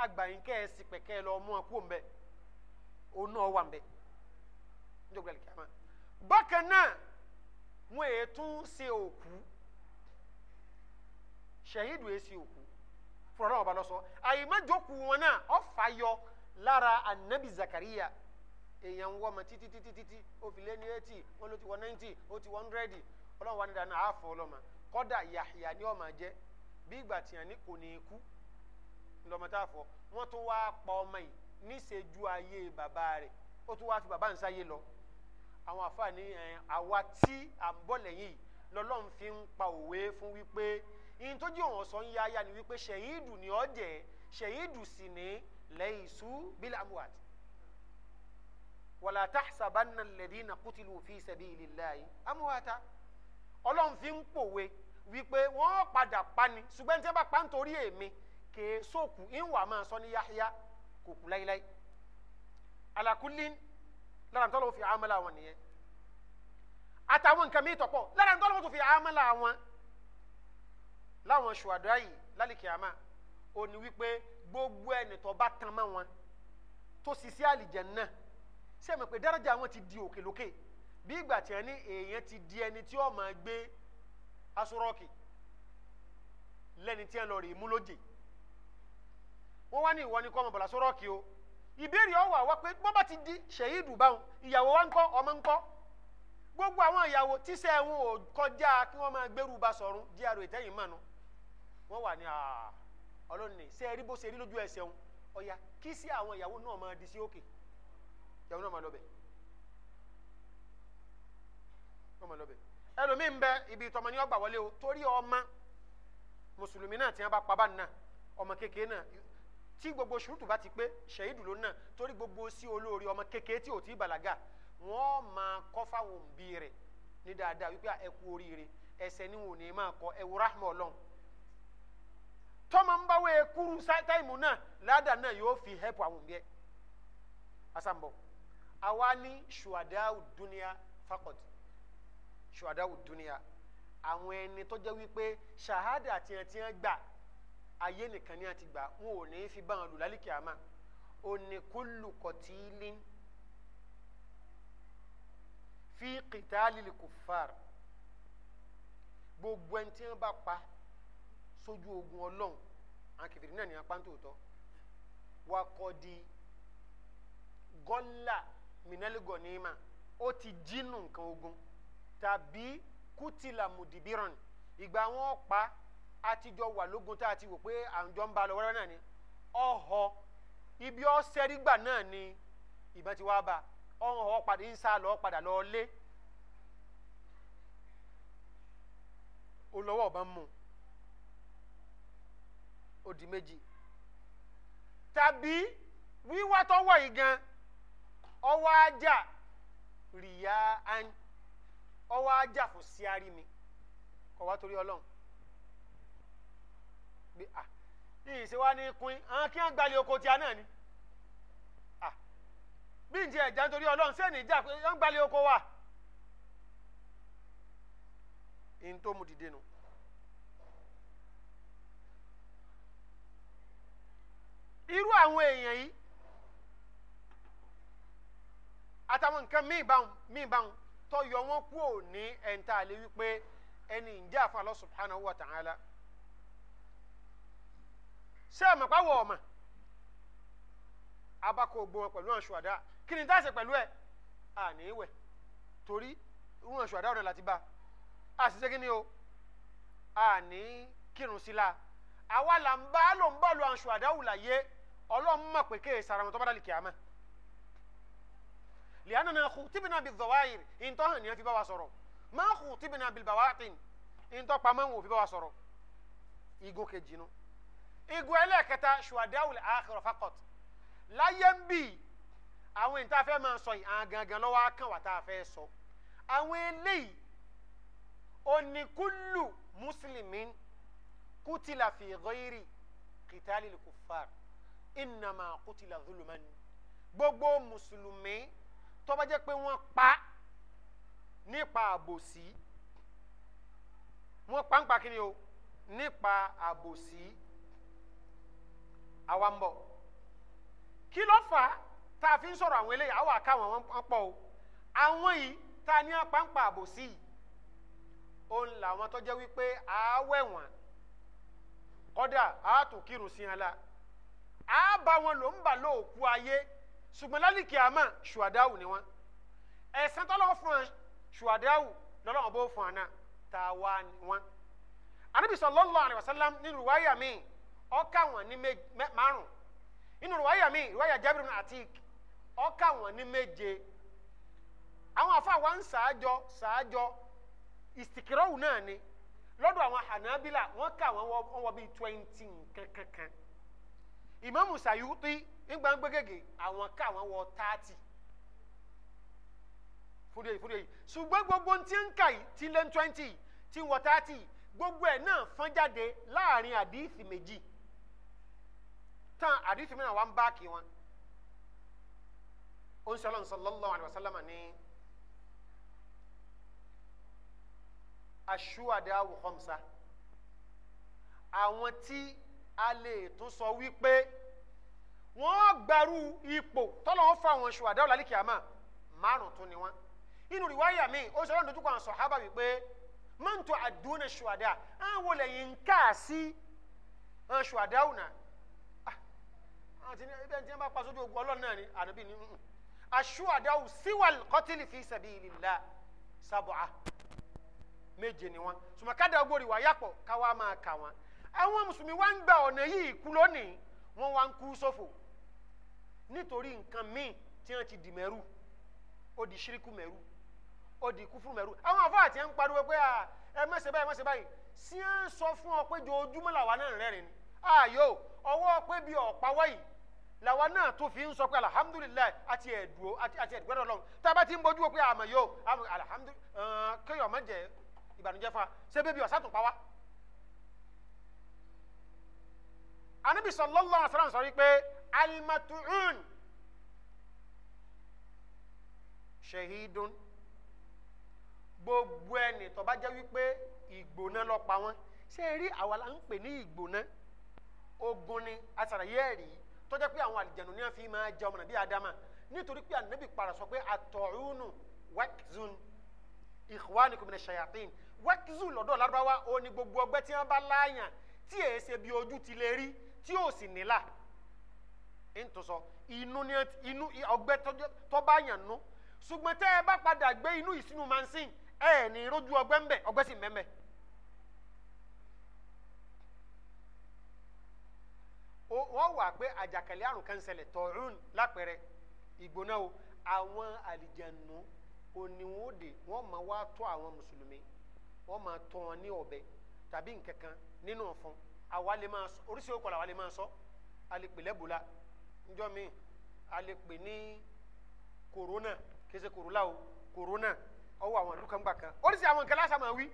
agbàyìn kẹ́ẹ̀sì pẹ̀kẹ́ lọ mú ọ kúrò mbẹ òun náà wà mbẹ bákan náà wọn è tún ṣe òkú ṣèyídù èsì òkú fúnra náà ọba lọ sọ àyèmájókù wọn náà ọfà yọ lára anabi zakariya èèyàn wọ ọmọ títí títí títí ó fi lé ní eighty wọn ló ti wọ ninety ó ti wọ hundred ọlọ́run wa ní dáná àáfọ̀ ọlọ́mọ kọ́dà yàhìyà ni ọmọ jẹ bí ìgbà tí yàn kò ní ikú lọ́mọ tá a fọ wọ́n tún wá pa ọmọ yìí níṣẹ́jú ayé bàbá rẹ̀ ó tún wá fi bàbá ń sáyé lọ àwọn àfáà ní àwa tí à ń bọ̀ lẹ́yìn lọ́lọ́run fi ń pa òwe fún wípé ihun tó jẹ́ òun ọ̀sán yáyá ni wípé ṣèyídù ni ọ́ jẹ́ ṣèyídù sì ní lẹ́yìn sú bílẹ̀ amuwat wàlá tahsabanna alladhina qutilu fi sabilillahi amuwata ọlọ́run fi ń pòwe wípé wọ́n padà pani ṣùgbọ́n tí wọ́n bá pa nítorí èmi kèé sóòkù ìwà máa sọ ní yáyá kò láíláí alakulin lára ntọ́lọ́wọ́ fi àmàlà àwọn nìyẹn àtàwọn nǹkan mi tọ̀pọ̀ lára ntọ́lọ́wọ́ tó fi àmàlà àwọn láwọn ṣùwádọ́ yìí lálìkì àmà ò ní wípé gbogbo ẹni tó bá tán mọ́ wọn tó sì sí àlìjánnà ṣé mi pé dáràjà wọn ti di òkèlókè bí ìgbà tí wọn ní èèyàn ti di ẹni tí ó gbé asúrọ́ọ̀kì lẹ́ni tí wọn lọ rè é mú lóje wọ́n wá ní ìwọ ni kọ́ ọmọ bọ̀lá asúrọ́ọ̀kì o ìbéèrè ọwọ́ àwa pé bọ́n bá ti di ṣèyídù báwọn ìyàwó wa ń kọ́ ọmọ ń kọ́ gbogbo àwọn ìyàwó tíṣẹ́ wọn ò kọjá kí wọ́n máa gbẹ́rù bá sọ̀rùn dr ìtẹ́yìn mọ̀nù wọ́n wà ní ọlọ́ni ṣe é rí bó ṣe rí lójú ẹsẹ̀ wọn ọ̀ya kí sí àwọn ìyàwó náà máa di sí òkè ìyàwó náà máa lọ bẹ̀ wọ́n máa lọ bẹ̀ ẹlòmíín bẹ ibi ìtọ́mọ ni ọgbà wọlé o torí ọmọ mùsùlùmí náà tí wọ́n bá pa bá nà ọmọ kékeré náà tí gbogbo ṣùrùtù bá ti pé ṣèyídù ló náà torí gbogbo sí olóore ọmọ kékeré tí ò tí balaga wọn máa kọ́ fáwọn òbí rẹ̀ ní wípé ẹkụ oríire ẹsẹ ni wọn ò ní máa kọ ẹ ń ekuru táìmù náà ládà náà yóò fi àwọn òbí asambo àwọn ẹni wípé gbà ayé nìkan ní àti gbà wọn ò ní fi báwọn lù lálẹ́ kìámà onikulu kọtílin fi kìtàlìlì kùfàr gbogbo ẹni tí wọn bá pa sójú ogun ọlọ́run àkìtìrì náà ní apántòótọ́ wa kọ́ di gọ́là mìnálégọ̀ níma ó ti jínú nǹkan ogun tàbí kùtìlà mùdìbíràn ìgbà wọn pa atijọ wà lógun tá a ti wò pé àjọ ń ba lọ wẹ́rẹ́ náà ni ọ̀họ́ ibi ọ̀sẹ̀rígbà náà ni ìbọn ti wá bá ọ̀họ́ padà ń sá lọ padà lọ lé olówó ọ̀bá mú odi méjì tàbí wíwá tọwọ́ yìí gan ọwọ́ ajá rìyá ọwọ́ ajá fò sí arí mi kọ̀ wá torí ọlọ́run. pé à ah, yìí ṣe wá ní pin àwọn kí wọ́n gbalẹ̀ oko tí a náà ni ah, bí ǹjẹ́ ẹ̀já nítorí ọlọ́run sẹ́ni ìjà pé wọ́n gbalẹ̀ oko wa ìyìn tó mu dìde nu. irú àwọn èèyàn yìí àtàwọn nǹkan míì báwọn míì báwọn tó wọn kúrò ní ẹ̀ńtà lè ẹni ìjà fún Allah subhanahu wa ta'ala ṣé àmọ́ pa wọ̀ ọ̀mà abakọ̀ ògbó wọn pẹ̀lú àṣùwàdá kí ni táàsì pẹ̀lú ẹ̀ àní ìwẹ̀ torí ìwọ̀n àṣùwàdá ọ̀rẹ́ láti bá a sì ṣe kí ni o àní kírun sí la àwa là ń bá lò ń bọ̀ lu àṣùwàdá wù láyé ọlọ́run mọ̀ pé kéè sara wọn tó bá dà lè kí a mọ̀ lìhánà náà kù tíbi náà bí zọwáyìrì ìntọ́ hàn ní wọn fi bá wa sọ̀rọ̀ máa kù tíbi náà bí bàwátìn ìntọ́ pamọ́ wọn ò fi bá wa sọ̀rọ̀ ìgò kejì náà igun ẹlẹ́ẹ̀kẹta ṣùwádàwùl àkìrọ̀ fakọ̀t láyé ń bì àwọn ìta fẹ́ máa sọ yìí àwọn gangan lọ́wọ́ kàn wá tá a fẹ́ sọ àwọn eléyìí oníkúlù mùsùlùmí kùtìlà fi ghairi kìtàlì kùfàr ìnàmà kùtìlà zulùmánì gbogbo mùsùlùmí tó jẹ́ pé wọ́n pa nípa àbòsí wọ́n pa ń pa kí ni o nípa àbòsí àwa ń bọ̀ kí ló fà á tá a fi ń sọ̀rọ̀ àwọn eléyìí àwọn àká àwọn pọ̀ o àwọn yìí tá a ní apáǹpà àbòsí yìí òun làwọn tó jẹ́ wípé àáwẹ̀ wọ̀n kọ́dà àátò kírun sí ala àábá wọn ló ń bà lóòkú ayé ṣùgbọ́n lálìkí àmà ṣùwàdáwù ni wọn ẹ̀sán tọ́lọ́wọ́ fún wọn ṣùwàdáwù lọ́lọ́wọ́ bó fún wọn náà tá a wá wọn. Ànábì sallallahu alaihi wasallam nínú wáyà míì. ọka wọn ní márùn inú rìwáyà mi rìwáyà Jabir bin Atik ọka wọn ní méje àwọn ń náà ni lọdọ àwọn Hanabila wọ́n kà wọ́n wọ bíi twenty kankankan Imamu Sayuti nígbà gbẹ́gẹ́gẹ́ àwọn kà wọ́n wọ thirty fúdìí yìí ṣùgbọ́n gbogbo tí ń kà yìí tí lé twenty ti wọ thirty gbogbo ẹ̀ náà fọ́n jáde láàrin àdìsí tán àdìsí mi náà wà ń bá kí wọn ó ń sọlọ́n sallallahu alaihi wasallam ní aṣúwàdáwò khamsa àwọn tí a lè tún sọ wípé wọ́n gbarú ipò tọ́lọ́ ń fa àwọn ṣùwàdáwò lálẹ́ kìámà márùn tún ni wọ́n inú rìwáyà mi ó sọlọ́n dojú kọ àwọn sọ̀hábà wípé mọ́ntò àdúnà ṣùwàdá àwọn wọlé yìí ń káàsì ṣùwàdáwò náà àti ibẹ̀ tí wọ́n bá pa sójú ogun ọlọ́run náà ni ànábì ni aṣúwàdáwù síwàl kọ́tìlì fi sabilillah sábọ̀á méje ni wọn sùmọ́ kádà ogbó rìwà yàpọ̀ káwá máa kà wọn àwọn mùsùlùmí wá ń gba ọ̀nà yìí kú lónìí wọ́n wá ń kú sófò nítorí nǹkan míì tí wọ́n ti dì mẹ́rù ó di ṣíríkù mẹ́rù ó di kúfúrú mẹ́rù àwọn àfọ àti ẹ̀ ń pariwo pé ẹ má ṣe báyìí ẹ má ṣe báyìí sí ẹ ń sọ fún ọ pé jojúmọ́ làwa náà rẹ́rìn ni ààyò ọwọ́ pé bí ọ̀pá wáyìí làwa náà tó fi ń sọ pé alihamudulilayi àti ẹ̀dùn àti ẹ̀dùgbẹ́rẹ́ ọlọ́run tába ti ń bójú wo pé àmọ̀ yóò alihamudulilayi eh, kéèyàn má jẹ ìbànújẹ́ fún wa ṣé bébí ọ̀sán tó pa wá. anabi sallallahu alaihi wasallam sọ wípé alimatuun shahidun gbogbo ẹni tó bá jẹ́ wípé ìgbóná ló pa wọ́n ṣé rí àwa la ń pè ní ìgbóná ogun ni asàlàyé ẹ̀rí tó jẹ́ pé àwọn àlìjẹ̀nù ní wọ́n fi máa jẹ ọmọ nàbí adama nítorí pé ànábì para sọ pé àtọ̀rúnù wẹ́kzun ikhwanukum mina shayatin wẹ́kzun lọ́dọ̀ lárúbáwá ó ní gbogbo ọgbẹ́ tí wọ́n bá láàyàn tí èé ṣe bí ojú ti lè rí tí ò sì nílà ntòsọ inú ní inú ọgbẹ́ tó bá yàn nú ṣùgbọ́n tẹ́ ẹ bá padà gbé inú ìsinú mansin ẹ̀ ní rójú ọgbẹ́ ńbẹ ọgbẹ́ sì mẹ́mẹ́. wọ́n wà pé àjàkálẹ̀ àrùn kan ṣẹlẹ̀ tọ̀rún lápẹẹrẹ ìgbóná o àwọn àlìjẹ̀nù oníwòde wọ́n máa wá tọ́ àwọn mùsùlùmí wọ́n máa tọ́ wọn ní ọ̀bẹ tàbí nkankan nínú ọ̀fun àwálé máa sọ oríṣi òkò làwálé máa sọ alèpè lẹ́bùlà njọ́ mi alèpè ní kòrónà kése kòrólà o kòrónà ọwọ́ àwọn ìlú kan gbà kan oríṣi àwọn nǹkan lásán máa wí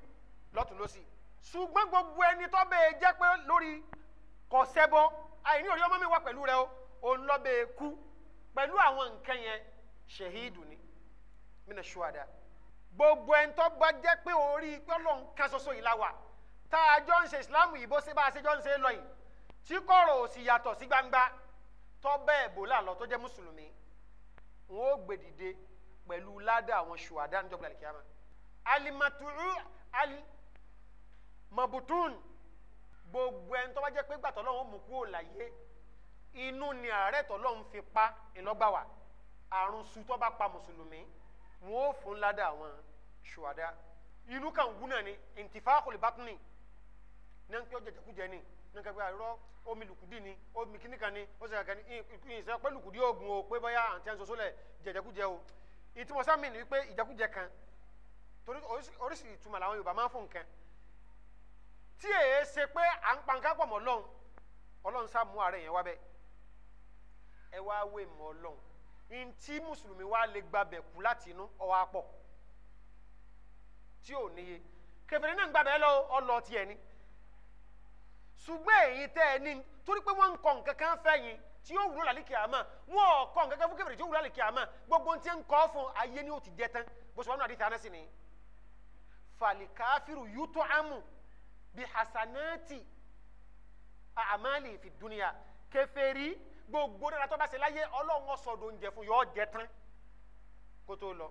lọ́tún lọ́sì ṣùgbọ́n gbogbo ẹni tó bẹ́ẹ̀ pé lórí kọ̀ọ̀sẹ́bọ́ àìní orí ọmọ mi wà pẹ̀lú rẹ o òun lọ bẹ kú pẹ̀lú àwọn nǹkan yẹn ṣèhídù ni mina ṣuada gbogbo ẹni tó bá jẹ́ pé orí pẹ́lú nǹkan ṣoṣo yìí la wà tá a jọ ń ṣe ìsìláàmù yìí bó ṣe bá a ṣe jọ ń ṣe lọ yìí tí kọ̀rọ̀ ò sì yàtọ̀ sí gbangba tó bẹ́ẹ̀ bò lálọ́ tó jẹ́ mùsùlùmí wọn ó gbè dìde pẹ̀lú ládàá àwọn ṣuada níjọba àlìkíyàmá alimatu alimabutun gbogbo ẹni tó bá jẹ́ pé gbàtọ́ lọ́wọ́ mú kúrò láyé inú ni ààrẹ tọ́lọ́ ń fi pa ìlọ́gbà àrùn su tó bá pa mùsùlùmí wọn ò fún ládàá àwọn ṣùwádà inú kan wú náà ni intifahul batni náà ń pẹ́ ọjà jẹkújẹ ni náà ń kẹ́kẹ́ àrọ́ omi lùkùdí ni omi kíníkan ni ó sì kàkẹ́ ni ìṣẹ́ pẹ́ lùkùdí oògùn o pé bóyá àǹtí àǹtí soso lẹ̀ jẹjẹkújẹ o ìtumọ̀ sáà mi ni wípé ìjẹkújẹ kan torí oríṣi ìtumọ̀ làwọn Yorùbá máa ń fún nǹkan tí èyí ṣe pé à ń pa nǹkan pọ̀ mọ́ ọlọ́run ọlọ́run sá mú ààrẹ yẹn wá bẹ́ẹ̀ ẹ wá wé mọ́ ọlọ́run ní tí mùsùlùmí wá lè gbabẹ̀ kú láti inú ọwọ́ apọ̀ tí ò níye kẹfìrí náà ń gbabẹ̀ lọ ọlọ tiẹ̀ ni ṣùgbọ́n èyí tẹ́ ẹ ní torí pé wọ́n ń kọ́ nǹkan kan fẹ́ yín tí ó wúlò lálẹ́ kìámà wọn ò kọ́ nǹkan kan fún kẹfìrí tí ó wúlò lálẹ́ kìámà gbogbo tí ń kọ́ fún ayé ni ó ti jẹ tán bó ṣe wọn nù àdìtà náà sì ni fàlìkáfírù yútọ́ àmù bi hasanati amali fi dunia kèfèrí gbogbo dada tó bá ṣe láyé Ọlọ́run sọdọ oúnjẹ fún yọ jẹ tán kó tó lọ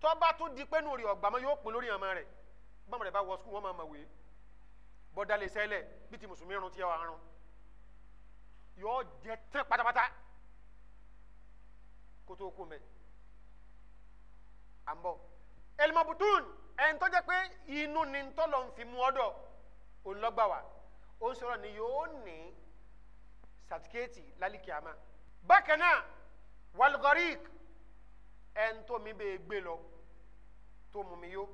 tó bá tún di pé nù rí ọgbà mọ yóò pin lórí ọmọ rẹ gbọmọ rẹ bá wọ sukùl wọn máa ma wèé bọdà lè ṣẹlẹ̀ bí ti mùsùlùmí rún tiẹ wà rún yọ jẹ tán pátápátá kó kú mẹ à ń bọ elmabutun ẹ̀ ń tọ́jà pé inú ni ń tọ́ lọ́n fi mú ọ́dọ̀ olùlọ́gbàwà ó ń sọ̀rọ̀ ni yóò ní sàtíkéètì lálìkíyàmá bákan náà walgorik ẹn tó mi bẹ́ẹ̀ gbé lọ tó mú mi yó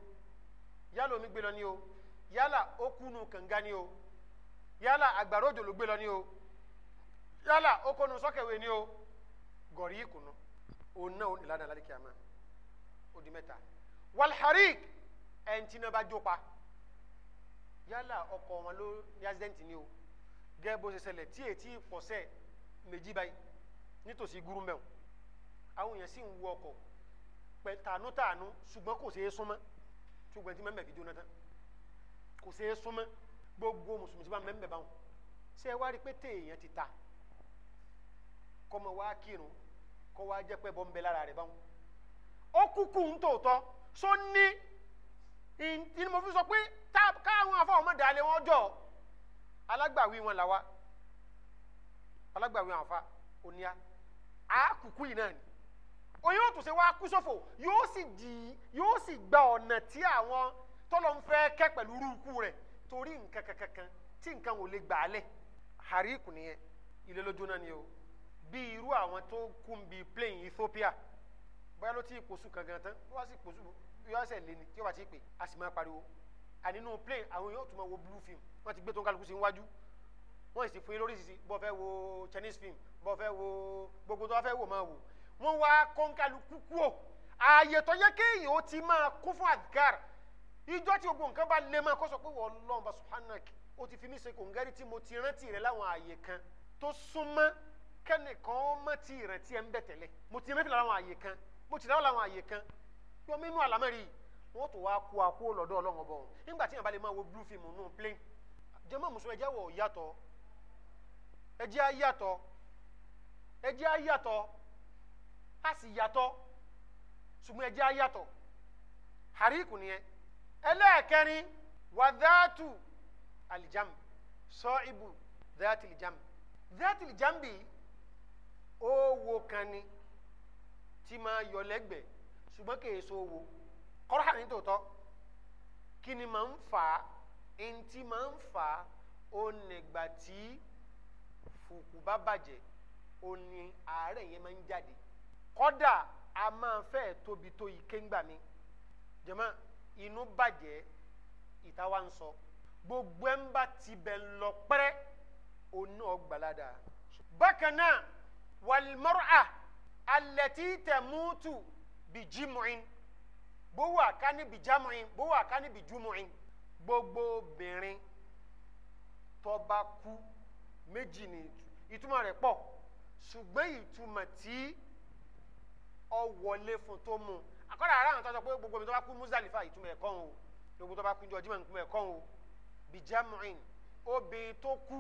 yálà omi gbé lọ ni o yálà okunu kànga ni o yálà àgbàrá òjò ló gbé lọ ni o yálà okonu sọ́kẹ̀wé ni o gọ̀rí ìkùnú òun náà ìlànà lálìkíyàmá ó di mẹ́ta walharik ẹn tí náà bá jó pa yálà ọkọ wọn ló ní accident ni o gẹ́gẹ́ bó ṣe ṣẹlẹ̀ tí ètí pọ̀sẹ̀ méjì báyìí nítòsí gúrúmẹ̀ọ́ àwọn èèyàn sì ń wọ ọkọ̀ pẹ̀ tàánú tàánú ṣùgbọ́n kò ṣeé súnmọ́ ṣùgbọ́n tí mẹ́mẹ́ fi jóná tán kò ṣeé súnmọ́ gbogbo mùsùlùmí tí bá mẹ́mẹ́ bá wọn ṣé ẹ wá rí pé téèyàn ti ta kọ́mọ wá kírun kọ́ wá jẹ́ pẹ́ bọ́m̀bẹ́ lára rẹ̀ bá ó kúkú ń tòótọ́ só ní ní mo fi sọ pé káwọn afọ ọmọ dalẹ wọn jọ alágbàwí wọn làwa alágbàwí àǹfà oníyà á kúkú yìí náà ni oyin ó tún ṣe wá kú sófò yóò sì di yóò sì gba ọ̀nà tí àwọn tọ́lọ̀ ń fẹ́ kẹ́ pẹ̀lú rúkú rẹ̀ torí nǹkan kankan tí nǹkan ò lè gbà á lẹ̀ haríkù nìyẹn ilé lójú náà ni o bí irú àwọn tó kú ń bi plane Ethiopia bóyá ló ti pòṣù kankan tán wọ́n á sì pòṣù yóò ṣẹ̀ lé ni tí ó bá ti pè á sì máa pariwo àninú plane àwọn yóò tún máa wo blue film wọ́n ti gbé tó ń kálukú sí iwájú wọ́n sì fún yín lórí sisi bọ́ fẹ́ wo Chinese film bọ́ fẹ́ wo gbogbo tó fẹ́ wò máa wò wọ́n wá kọ́ńkálukú kú o ààyè tó yẹ kéèyàn ó ti máa kún fún àgàr ìjọ tí gbogbo nǹkan bá lè máa kọ́ sọ pé wọ́n lọ́n bá subhanak ó ti fi mí ṣe kòǹgẹ́rì tí mo ti rántí rẹ̀ láwọn ààyè kan tó súnmọ́ kẹ́nìkan ó mọ̀ tí ìrètí ẹ̀ ń bẹ̀ tẹ̀lẹ̀ mo ti rántí láwọn ààyè kan mo ti dáwọ́ láwọn ààyè kan yọ mí nú yìí wọ́n tó wá kó akó lọ́dọ̀ ọlọ́run ọbọ̀ nígbà tí yàn bá lè máa wo blue film nù plane jẹ́mọ́ mùsùlùmí ẹjẹ́ wọ̀ yàtọ̀ ẹjẹ́ á yàtọ̀ ẹjẹ́ á yàtọ̀ á sì yàtọ̀ ṣùgbọ́n ẹjẹ́ á yàtọ̀ hàríkù nìyẹn ẹlẹ́ẹ̀kẹrin wàdáàtù àlìjàm sọ ibù dáàtì lìjàm dáàtì lìjàm bì owó kan ni tí máa yọ lẹ́gbẹ̀ẹ́ ṣùgbọ́n kì í so owó kọ́ra ní tòótọ́ kí ni máa ń fà á eŋti máa ń fà á onígbà tí fùkù bá bàjẹ́ oní àárẹ̀ yẹn máa ń jáde kọ́dà a máa fẹ́ tóbi tó yìí kéńgbà mi jẹ́mọ́ inú bàjẹ́ ìta wa ń sọ gbogbo ẹ̀ ń bá tibẹ̀ lọ pẹ́rẹ́ onú ọgbàládà bákan náà wàlmọ́rà alẹ́ tí tẹ̀ mútu bìjì mọ́in bówó àkání bí jámọ̀in bówó àkání bí júmọ̀in gbogbo obìnrin tó bá kú méjì ni ìtumọ̀ rẹ̀ pọ̀ ṣùgbọ́n ìtumọ̀ tí ọ wọlé fún tó mú akọ́dà ara àwọn tó sọ pé gbogbo mi tó bá kú muzalifa ìtumọ̀ ẹ̀kọ́ o gbogbo tó bá kú jọ jimá ìtumọ̀ ẹ̀kọ́ o bí jámọ̀in obìnrin tó kú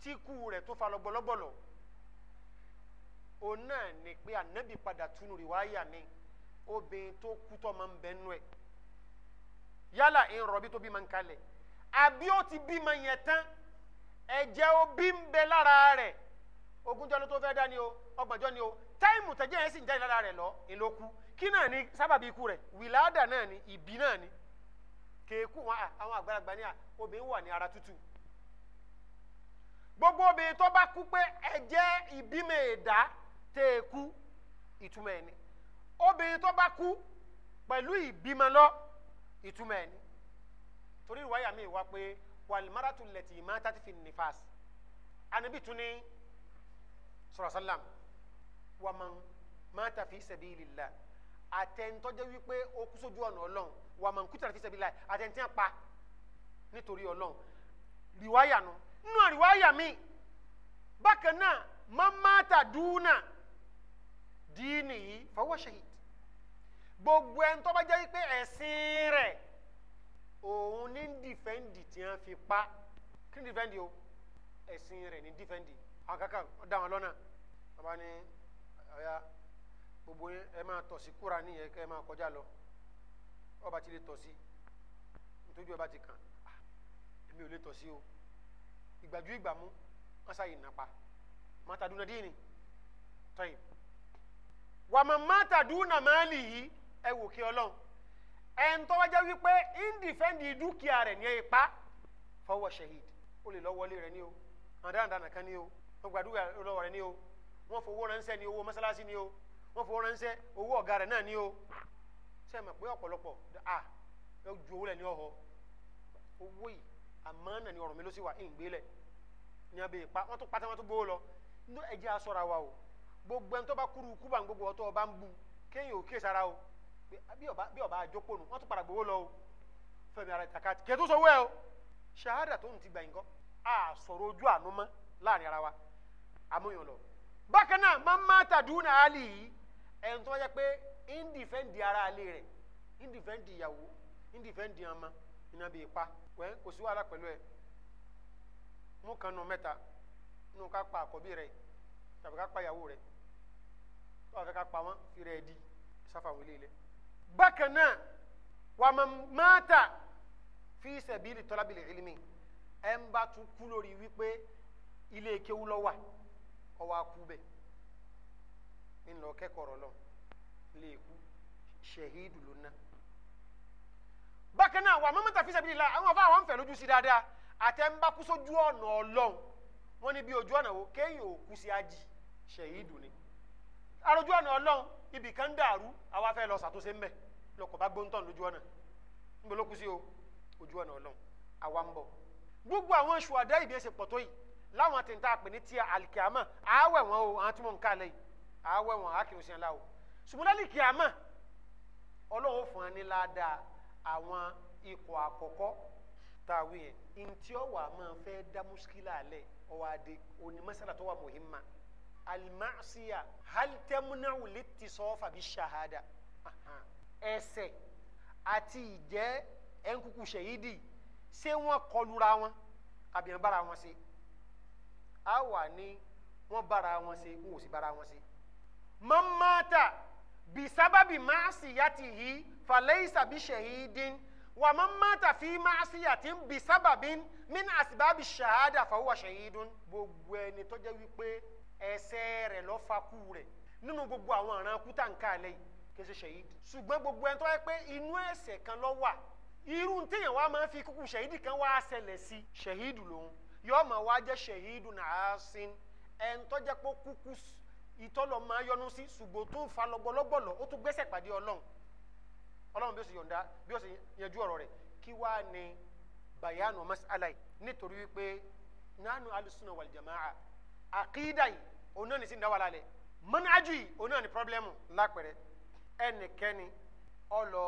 tí kú rẹ̀ tó fa lọ́gbọ̀lọ́gbọ̀lọ́ òun náà ni pé ànábì padà túnú rìwáyà mi obìnrin tó kútọ́ máa ń bẹ nú ẹ̀ yálà ń rọ̀bí tó bí máa ń kalẹ̀ àbí ó ti bí máa yẹn tán ẹ̀jẹ̀ òbí ń bẹ lára rẹ̀ ogúnjọ́ ló tó fẹ́ dá o ọgbọ̀njọ́ ni o táìmù tẹ̀jẹ̀ yẹn sì ń jáde lára rẹ̀ lọ ìlókù kí náà ni sábàbí ikú rẹ̀ wìláàdà náà ni ìbí náà ni kéékù wọn àwọn àgbàlagbà ní à obìnrin wà ní ara tútù gbogbo obìnrin tó bá kú pé ẹ̀jẹ̀ ìbímọ ẹ̀dá tẹ̀ kú ìtumọ̀ ni obìnrin tó bá kú pẹ̀lú ìbímọ lọ ìtumọ̀ ẹ̀ ni torí ìwáyà mi wá pé wàlímáràtú lẹ̀tì máa tàti fi nìfàs ànábì tún ní sọ̀rọ̀sálàm wà máa máa tàfi sabilillah àtẹ̀ntọ́jẹ́ wípé ó kú sójú ọ̀nà ọlọ́run wà máa kúta fi sabilillah àtẹ̀ntí pa nítorí ọlọ́run rìwáyà nu nínú rìwáyà mi bákan náà máa máa tà dúnà díì nìyí fọwọ́ ṣe yìí gbogbo ẹni tó bá jẹ́ pé ẹ̀sìn rẹ̀ òun ní dìfẹ́ǹdì tí wọ́n fi pa kí ni dìfẹ́ǹdì o ẹ̀sìn rẹ̀ ní dìfẹ́ǹdì àwọn kankan ó dá wọn lọ́nà wọn bá ní ọ̀ya gbogbo ẹ máa tọ̀ sí kúra níyẹn kẹ́ ẹ máa kọjá lọ ọba ti lè tọ̀ sí nítorí ọba ti kàn ah, èmi ò lè tọ̀ sí o ìgbàjú ìgbàmú wọn ṣàyè nàpa mátàdúnà tọ́yìn wàmọ̀ mátàdúnà yìí ẹ wò kí ọlọ́run ẹn tó wá jẹ́ wípé indifẹ́ndì dúkìá rẹ̀ ní ipa fọwọ́ ṣẹ̀hìd ó lè lọ wọlé rẹ̀ ní o àdáradára kan ní o wọ́n gbàdúrà lọ́wọ́ rẹ̀ ní o wọ́n fowó ránṣẹ́ ní owó mọ́sálásí ní o wọ́n fowó ránṣẹ́ owó ọ̀gá rẹ̀ náà ní o ṣe mọ̀ pé ọ̀pọ̀lọpọ̀ à ẹ ju owó lẹ̀ ní ọ̀họ́ owó yìí àmọ́ náà ni ọ̀rọ̀ mi ló sì wà ń gbélẹ̀ ní abẹ́ ipa wọ́n tún pátá wọ́n tún gbówó lọ ní ẹ̀jẹ̀ aṣọra wa o gbogbo ẹni tó bá kúrú kúbà gbogbo ọtọ́ ọba ń bu kéèyàn ò kíyèsára o bí ọba àjọpọ̀nù wọ́n tún padà gbowó lọ o fẹmi ara ìtàkàtì kí ẹ tó sọ wẹ́ o ṣahada tó ń ti gbà nǹkan a sọ̀rọ̀ ojú àánú mọ́ láàrin ara wa àmúyàn lọ. bákan náà máa ń má tàdúnà àlì yìí ẹ̀yìn tó wá jẹ́ pé indifẹ́ǹdì ara àlè rẹ̀ indifẹ́ǹdì ìyàwó indifẹ́ǹdì ọmọ iná bíi pa wẹ́ kò sí wàhálà pẹ̀lú ẹ̀ mú kan nù mẹ́ta nù ká pa àkọ́bí rẹ̀ tàbí ká pa ìyàwó rẹ̀ tó wà fẹ́ ká pa wọ́n fi rẹ̀ di sáfàwọlé ilẹ̀ bákan náà wà má mọ́tà fi sẹ̀bílì tọ́lábìlì ìlímì ẹ̀ ń bá tún kú lórí wípé ilé kéwú lọ́wà ọwọ́ akú bẹ́ẹ̀ ńlọ kẹ́kọ̀ọ́ lọ lè kú ṣẹ̀hídù ló bákan náà wà má mọ́tà fi sẹ̀bílì la àwọn afọ àwọn ń fẹ́ lójú sí dáadáa àtẹ ń bá kú sójú ọ̀nà ọlọ́run wọ́n ní bí ojú ọ̀nà wo kéèyàn ò kú sí ají ṣẹ̀hídù ni àròjú ọ̀nà ọlọ́run ibì kan dàrú àwa fẹ́ lọ ṣàtúnṣe ńbẹ lọkọ̀ bá gbóńtàn lójú ọ̀nà ńbẹ ló kù sí o ojú ọ̀nà ọlọ́run àwa ń bọ̀ gbogbo àwọn ṣùwádà ìbí ẹsẹ̀ pọ̀ tó yìí láwọn tí n ta pè ní tíya alikiyama àáwẹ̀ wọn o àwọn tí mò ń kà lẹ́yìn àáwẹ̀ wọn àákìrò sí ẹ̀la o ṣùgbọ́n alikiyama ọlọ́run fún ẹni ládàá àwọn ikọ̀ àkọ́kọ́ tàwí yẹn ntí ọwọ́ àmọ́ fẹ́ dá muskila alẹ́ ọwọ́ adé òní masala tó wà muhimma alimasiya halitemuna liti sọfa bi shahada ẹ̀ṣẹ̀ àti ìjẹ́ ẹnkuku sẹyidi ṣé wọ́n kọlura wọn àbí wọ́n bára wọn ṣe àwa ni wọ́n bára wọn ṣe wọn ò sì bára wọn ṣe mamata bisababi maasiyatihi falaysa bi shahidin wa mamata fi maasiyatin bisababin min asibabi shahada fahuwa shahidun gbogbo ẹni tó jẹ́ ese re lọ́ fa kú nínú gbogbo àwọn àrùn akúta nǹkan àlẹ́ yìí sugbo gbogbo ẹni tó yẹ pé kan lọ wà irú téèyàn wá máa ń fi kúkú ṣèyídì kan wá ṣẹlẹ̀ sí si lòun yóò máa wá jẹ́ ṣèyídù nàásìn ẹni tó jẹ́ pé kúkú ìtọ́lọ̀ máa yọnu sí ṣùgbọ́n tó ń fa ó tún gbẹ́sẹ̀ pàdé ọlọ́run ọlọ́run bí ó sì yọ̀ǹda bí ó sì yanjú ọ̀rọ̀ rẹ̀ kí wá ni bayanu masalai nítorí wípé wàlìjàmáà Akidai yìí òun náà ní sí ń dá wà lálẹ́ mọ́nájú yìí òun náà ní pírọ́blẹ́mù lápẹ̀rẹ̀ ẹnìkẹ́ni ọlọ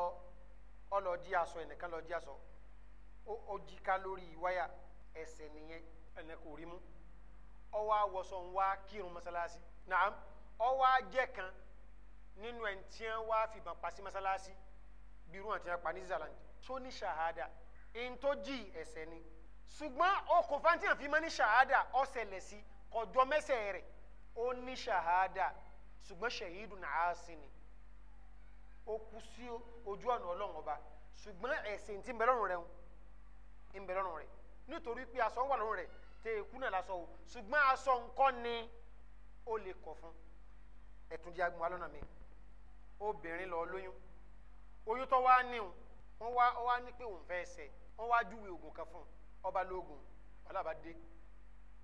ọlọ jí aṣọ ẹnìkan lọ jí aṣọ ó jí ká lórí wáyà ẹsẹ̀ nìyẹn ẹnì awọsọ ń wá kírun naam ọwọ́ ajẹ́ kan nínú ẹ̀ ń tiẹ́ wá fìbọn pa sí mọ́sálásí bírú àti apá ní zealand tó ní ṣàhádà ẹni tó ni ṣùgbọ́n okòfántì àfi máa ní ṣàhádà ọ̀sẹ̀ lẹ̀ kọjọ mẹsẹ rẹ ó ní ṣahada ṣùgbọ́n ṣèyídù nàásì ni ó kú sí ojú ọ̀nà ọlọ́run ọba ṣùgbọ́n ẹ̀sìn tí ń bẹ lọ́rùn rẹ ń bẹ lọ́rùn rẹ nítorí pé aṣọ wà lọ́rùn rẹ tẹ ikú náà lásọ o ṣùgbọ́n aṣọ nǹkan ni ó lè kọ̀ fún ẹ̀túndí agbọ̀n alọ́nà mi obìnrin lọ lóyún oyún tó wá níhun wọ́n wá wá ní pé òun fẹ́ ṣe wọ́n wá júwe oògùn kan fún ọba lóògùn ọlọ́ba dé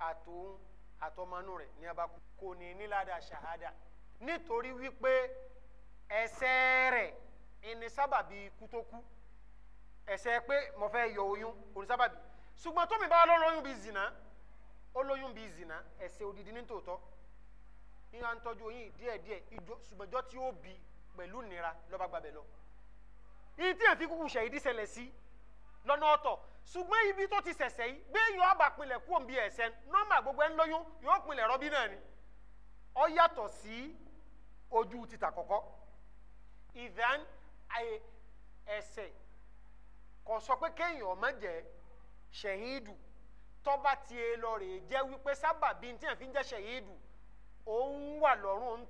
àtòun àtọmọnú rẹ̀ ní abakú kò ní nílada ṣahada nítorí wípé ẹ̀ṣẹ̀ rẹ̀ ìní sábàbí ikú tó kú ẹ̀ṣẹ̀ pé mo fẹ́ yọ oyún òní sábàbí ṣùgbọ́n tómi bá lọ́lọ́yún bíi zìnà ó lóyún bíi zìnà ẹ̀ṣẹ̀ òdìdí ní tòótọ́ ìyá ń tọ́jú oyin díẹ̀díẹ̀ ìjọ tí ó bí pẹ̀lú nira lọ́ba gbàbẹ̀ lọ ìyí tí èèyàn fi kúkú ṣe ìdí ṣẹlẹ̀ sí lọ́nà ọ̀tọ̀ ṣùgbọ́n ibi tó ti ṣẹ̀ṣẹ̀ yìí bẹ́ẹ̀ yọ àbá pinlẹ̀ kú òǹbí ẹ̀ṣẹ̀ nọ́mbà gbogbo ẹ̀ ń lóyún yóò pinlẹ̀ rọ́bí náà ni ọ yàtọ̀ sí ojú títà kọ̀kọ́ ìdán ẹ̀ṣẹ̀ kò sọ pé kéèyàn má jẹ́ ṣẹ̀hídù tọ́ba ti e lọ rè jẹ́ wípé sábà bíi tí èèyàn fi ń jẹ́ ṣẹ̀hídù òun wà lọ́rùn ń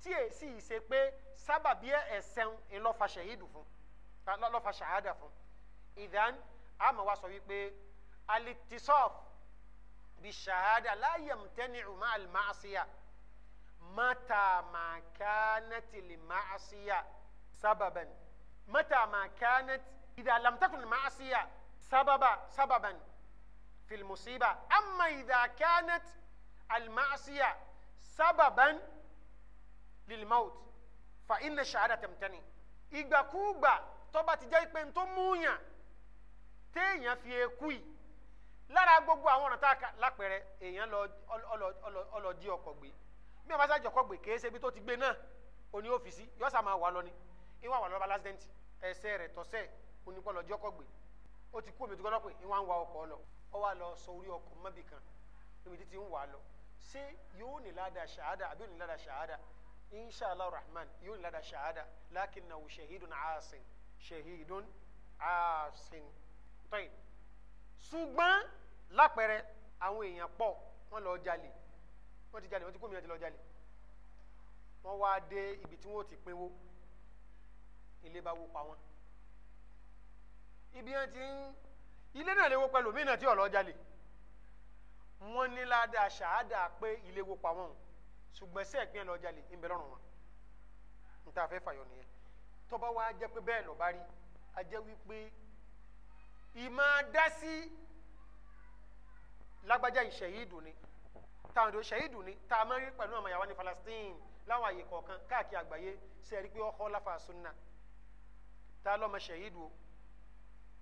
tí èyí sì ṣe pé sábà bíi ẹ̀ṣẹ̀ ńlọ́fà ṣẹ̀hídù fún lọ́fà ṣàhádà fún. ìdán àmọ́ wa sọ wípé alitisof bi shahada la yamtani'u ma al-ma'asiya mata ma kanat al-ma'asiya sababan mata ma kanat idha lam takun al-ma'asiya sababa sababan في المصيبة أما إذا كانت المعصية سببا للموت فإن الشهادة تمتني إذا كوبا tó bá ti jẹ́ pé ń tó múyàn téèyàn fi eku yìí lára gbogbo àwọn ọ̀nà tá a kà lápẹ̀rẹ̀ èèyàn ọlọ́dí ọkọ̀ gbé bí wọ́n bá sáà jọkọ̀ gbé kéése bí tó ti gbé náà oní ọ́fíìsì yọ sá máa wà lọ ni ìwà wà lọ́ba lásìdẹ́ǹtì ẹsẹ̀ rẹ̀ tọ́sẹ̀ onípọ̀lọ́dí ọkọ̀ gbé ó ti kú omi tó gbọ́dọ̀ pé ìwà ń wa ọkọ̀ lọ ọ wà lọ sọ orí ọkọ̀ mọ́bì kan níbi títí ń wà lọ ṣé yóò ní ládà ṣàhádà àbí yóò ní ládà ṣàhádà inshallah rahman yóò ní ládà ṣàhádà lakinnahu shahidun aasin shahidun aasin tọ́yìn ṣùgbọ́n lápẹẹrẹ àwọn èèyàn pọ̀ wọ́n lọ jalè wọ́n ti jalè wọ́n ti kó mìíràn ti lọ jalè wọ́n wá dé ibi tí wọ́n ti pinwó ilé bá wó pa wọ́n ibi yẹn ti ń ilé náà léwó pẹ̀lú mí náà tí ọ̀lọ́ jalè wọ́n ní ládàá ṣáádà pé ilé wó pa wọ́n ṣùgbọ́n sẹ́ẹ̀pín ẹ̀ lọ jalè ń bẹ lọ́rùn wọn n fẹ́ fàyọ nìyẹn tó bá jẹ́ pé bẹ́ẹ̀ lọ́ọ́ rí a jẹ́ wípé ìmọ̀ dasi lágbájá ìṣẹ̀yìdù ni táwọn èdè ìṣẹ̀yìdù ni tá a máa ń rí pẹ̀lú àwọn àyàwó ní Palestine láwọn àyè kọ̀ọ̀kan káàkiri àgbáyé sẹ́ẹ̀rí pé ọkọ̀ láfa sunna tá a lọ́mọ ṣẹ̀yìdù o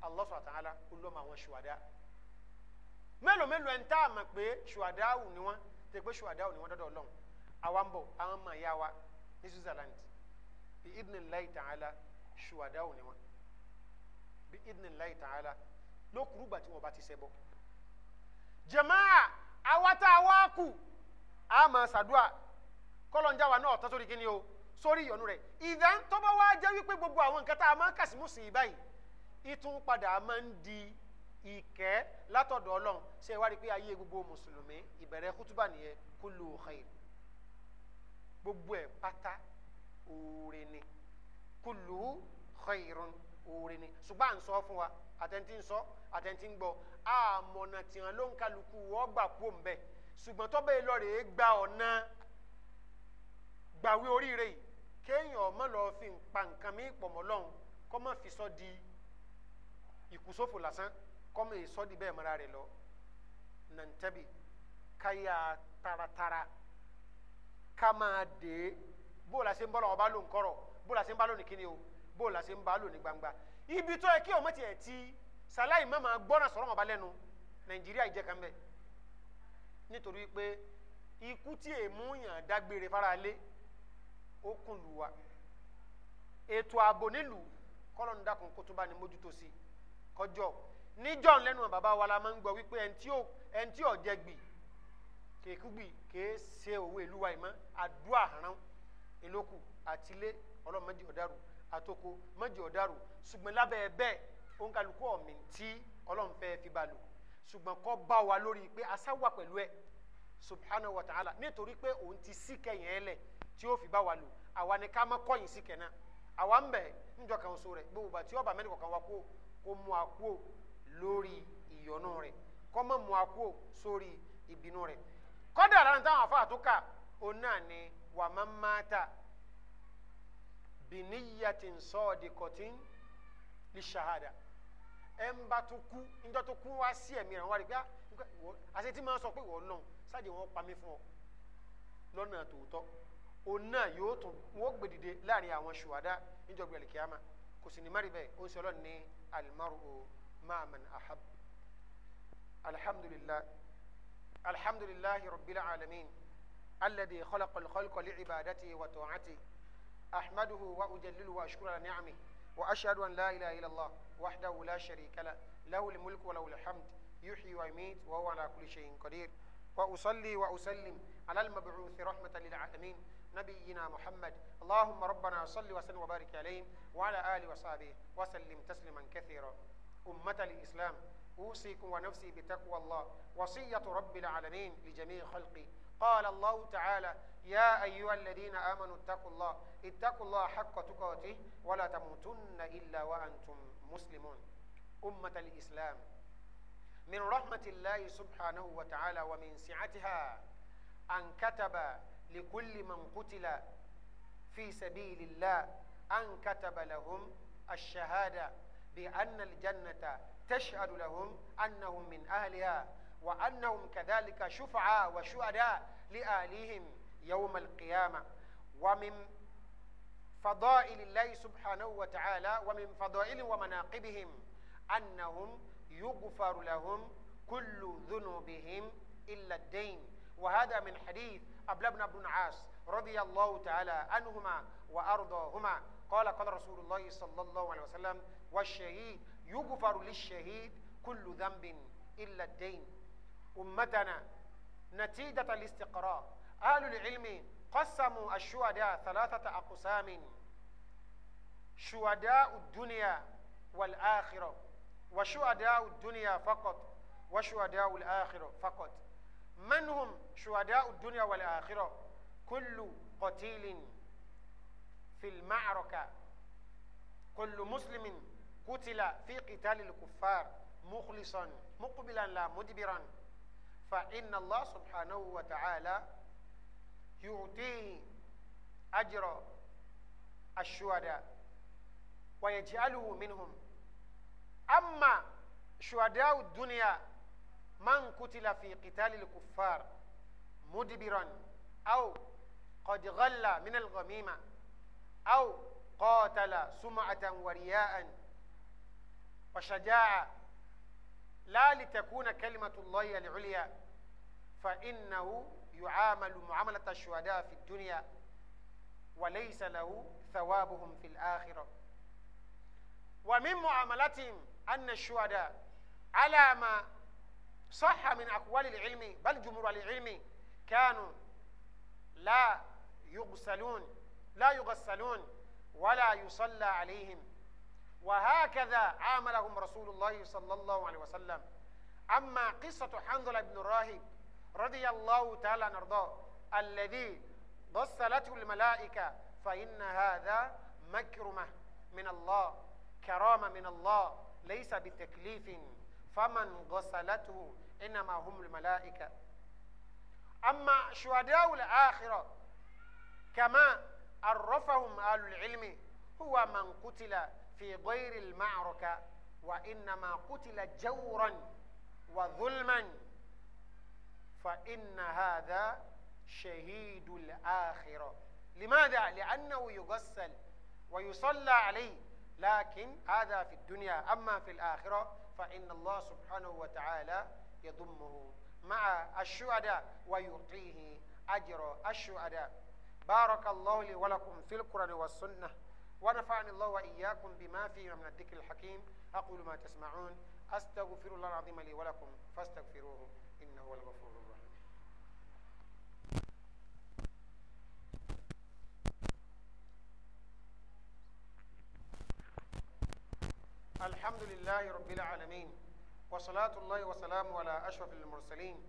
Allah subhanahu wa lọ́mọ àwọn ṣùwádà mélòó mélòó ẹ̀ tá a mọ̀ pé ṣùwádà ò ní wọ́n tẹ̀ pé ṣùwádà ò ní wọ́n dọ́dọ̀ Ọlọ́run àwa ń bọ̀ àwọn ọmọ ìyá wa ní Switzerland bi idnillahi ta'ala ṣùwádà ò bi idhnillahi ta'ala lókùrú gbàtí wọn bá ti ṣẹbọ. jamaa àwa tá a wá kù a máa ṣàdúrà kọlọ́njà wa náà tán sórí kíni o sórí ìyọnu rẹ̀ ìdá ń tọ́ bá wá jẹ́ wípé gbogbo àwọn nǹkan tá a máa ń kà sí mú sí i báyìí ìtún padà máa ń di ìkẹ́ látọ̀dọ̀ ọlọ́run ṣe é wá rí i pé ayé gbogbo mùsùlùmí ìbẹ̀rẹ̀ kútúbà nìyẹn kullu khair gbogbo ẹ̀ pátá oore ni kullu khairun oore ni ṣùgbọ́n à ń sọ fún wa àtẹ̀ntì ń sọ àtẹ̀ntì ń gbọ́ àmọ̀nà tìǹà ló ń kálukú wọ́n gbà kú òun bẹ́ẹ̀ ṣùgbọ́n tó bẹ́ẹ̀ lọ rèé gba ọ̀nà gbàwé oríire yìí kéèyàn ọmọ lọ fi ń pa nǹkan mí pọ̀ mọ́ lọ́hùn kọ́ mọ́ fi sọ di ìkúsófò lásán kọ́ mọ́ èso di bẹ́ẹ̀ mọ́ra rẹ̀ lọ nàǹtẹ́bì káyà taratara ká máa dé bó la ṣe ń bọ́ lọ́wọ́ bá lò ń kọ́rọ̀ bó la ṣe bá lò ní kíni o bó o la ṣe ń bá lò ní gbangba ibi tó yẹ kí ọmọ tiẹ̀ ti sàlàyé mama máa gbọ́nà sọ̀rọ̀ wọn bá lẹ́nu nàìjíríà ìjẹ́ kan bẹ́ẹ̀ nítorí pé ikú tí èèmú yàn dágbére faralé ó kùn lù wá ètò ààbò nílùú kọ́lọ́nù dákun kó tó bá ní mójútó sí kọjọ́ níjọ́ lẹ́nu bàbá wa la máa ń gbọ́ wípé ẹni tí ò jẹ gbì kèkúgbì kèé ṣe òwe ìlú wa ìmọ̀ àdúrà àrán ìlókù àtìlé ọlọ́mọdé ọ̀dàrú Atoko, mọ́jì ọ̀darù ṣùgbọ́n lábẹ́ bẹ́ẹ̀ òǹkàlùkù ọ̀mì tí ọlọ́run fẹ́ fi bá lò ṣùgbọ́n kọ́ bá wa lórí pé asáwà pẹ̀lú ẹ̀ subhanahu wa ta'ala nítorí pé òun ti sí kẹyìn ẹ lẹ̀ tí ó fi bá wa lò àwa ni ká má kọ́yìn sí kẹ̀ náà àwa ń bẹ̀ níjọ kan so rẹ̀ gbogbo àti ọba mẹ́rin kọ̀ọ̀kan wa kó kó mú a lórí ìyọnu rẹ̀ kọ́ mọ́ mú a sórí ìbínú rẹ̀ kọ́dà lára táwọn afáàtúkà òun náà ni wàmọ́ máa ta biniyatin sọọdikotin lisahada ẹnba tó kú njọ tó kú wá sí ẹ̀mí rẹ̀ wá rí pé ah, àṣetí máa sọ pé wọ́n nọ sáde wọ́n pa mí fún ọ lọ́nà tòótọ́ òun náà yóò tún wọ́n gbèdìde láàrin àwọn ṣùwádà níjọ gbẹ̀lẹ̀ kíámà kò sì ní má rí bẹ́ẹ̀ ó ń sọ lọ́nà ní alimaru o maaman ahab alhamdulilah alhamdulilahi rabbil alamin alladhi khalaqa al wa ta'atihi. أحمده وأجلله وأشكر على نعمه وأشهد أن لا إله إلا الله وحده لا شريك له له الملك وله الحمد يحيي ويميت وهو على كل شيء قدير وأصلي وأسلم على المبعوث رحمة للعالمين نبينا محمد اللهم ربنا صل وسلم وبارك عليه وعلى آله وصحبه وسلم تسليما كثيرا أمة الإسلام أوصيكم ونفسي بتقوى الله وصية رب العالمين لجميع خلقي قال الله تعالى يا أيها الذين آمنوا اتقوا الله اتقوا الله حق تقاته ولا تموتن إلا وأنتم مسلمون أمة الإسلام من رحمة الله سبحانه وتعالى ومن سعتها أن كتب لكل من قتل في سبيل الله أن كتب لهم الشهادة بأن الجنة تشهد لهم أنهم من أهلها وأنهم كذلك شفعاء وشهداء لآلهم يوم القيامة ومن فضائل الله سبحانه وتعالى ومن فضائل ومناقبهم أنهم يغفر لهم كل ذنوبهم إلا الدين وهذا من حديث أبلا بن عبد العاص رضي الله تعالى عنهما وأرضاهما قال قال رسول الله صلى الله عليه وسلم والشهيد يغفر للشهيد كل ذنب إلا الدين أمتنا نتيجة الاستقراء أهل العلم قسموا الشهداء ثلاثة أقسام شهداء الدنيا والآخرة وشهداء الدنيا فقط وشهداء الآخرة فقط من هم شهداء الدنيا والآخرة كل قتيل في المعركة كل مسلم قتل في قتال الكفار مخلصا مقبلا لا مدبرا فإن الله سبحانه وتعالى يعطيه أجر الشهداء ويجعله منهم أما شهداء الدنيا من قتل في قتال الكفار مدبرا أو قد غل من الغميمة أو قاتل سمعة ورياء وشجاعة لا لتكون كلمة الله العليا فإنه يعامل معاملة الشهداء في الدنيا وليس له ثوابهم في الآخرة ومن معاملتهم أن الشهداء على ما صح من أقوال العلم بل جمهور العلم كانوا لا يغسلون لا يغسلون ولا يصلى عليهم وهكذا عاملهم رسول الله صلى الله عليه وسلم أما قصة حنظلة بن راهب رضي الله تعالى نرضاه الذي ضسلته الملائكة فإن هذا مكرمة من الله كرامة من الله ليس بتكليف فمن غسلته إنما هم الملائكة أما شهداء الآخرة كما عرفهم آل العلم هو من قتل في غير المعركة وإنما قتل جورا وظلما فإن هذا شهيد الآخرة لماذا؟ لأنه يغسل ويصلى عليه لكن هذا في الدنيا أما في الآخرة فإن الله سبحانه وتعالى يضمه مع الشهداء ويعطيه أجر الشهداء بارك الله لي ولكم في القرآن والسنة ونفعني الله وإياكم بما فيه من الذكر الحكيم أقول ما تسمعون أستغفر الله العظيم لي ولكم فاستغفروه إنه هو الغفور الرحيم الحمد لله رب العالمين وصلاة الله وسلام على أشرف المرسلين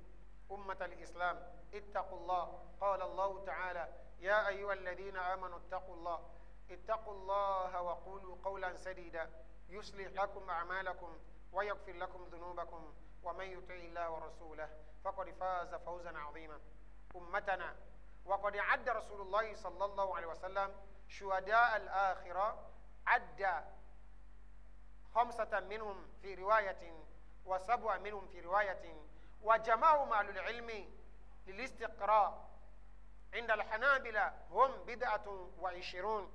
أمة الإسلام اتقوا الله قال الله تعالى يا أيها الذين آمنوا اتقوا الله اتقوا الله وقولوا قولا سديدا يصلح لكم أعمالكم ويغفر لكم ذنوبكم ومن يطع الله ورسوله فقد فاز فوزا عظيما أمتنا وقد عد رسول الله صلى الله عليه وسلم شهداء الآخرة عد خمسة منهم في رواية وسبعة منهم في رواية وجمعوا مع العلم للاستقراء عند الحنابلة هم بدعة وعشرون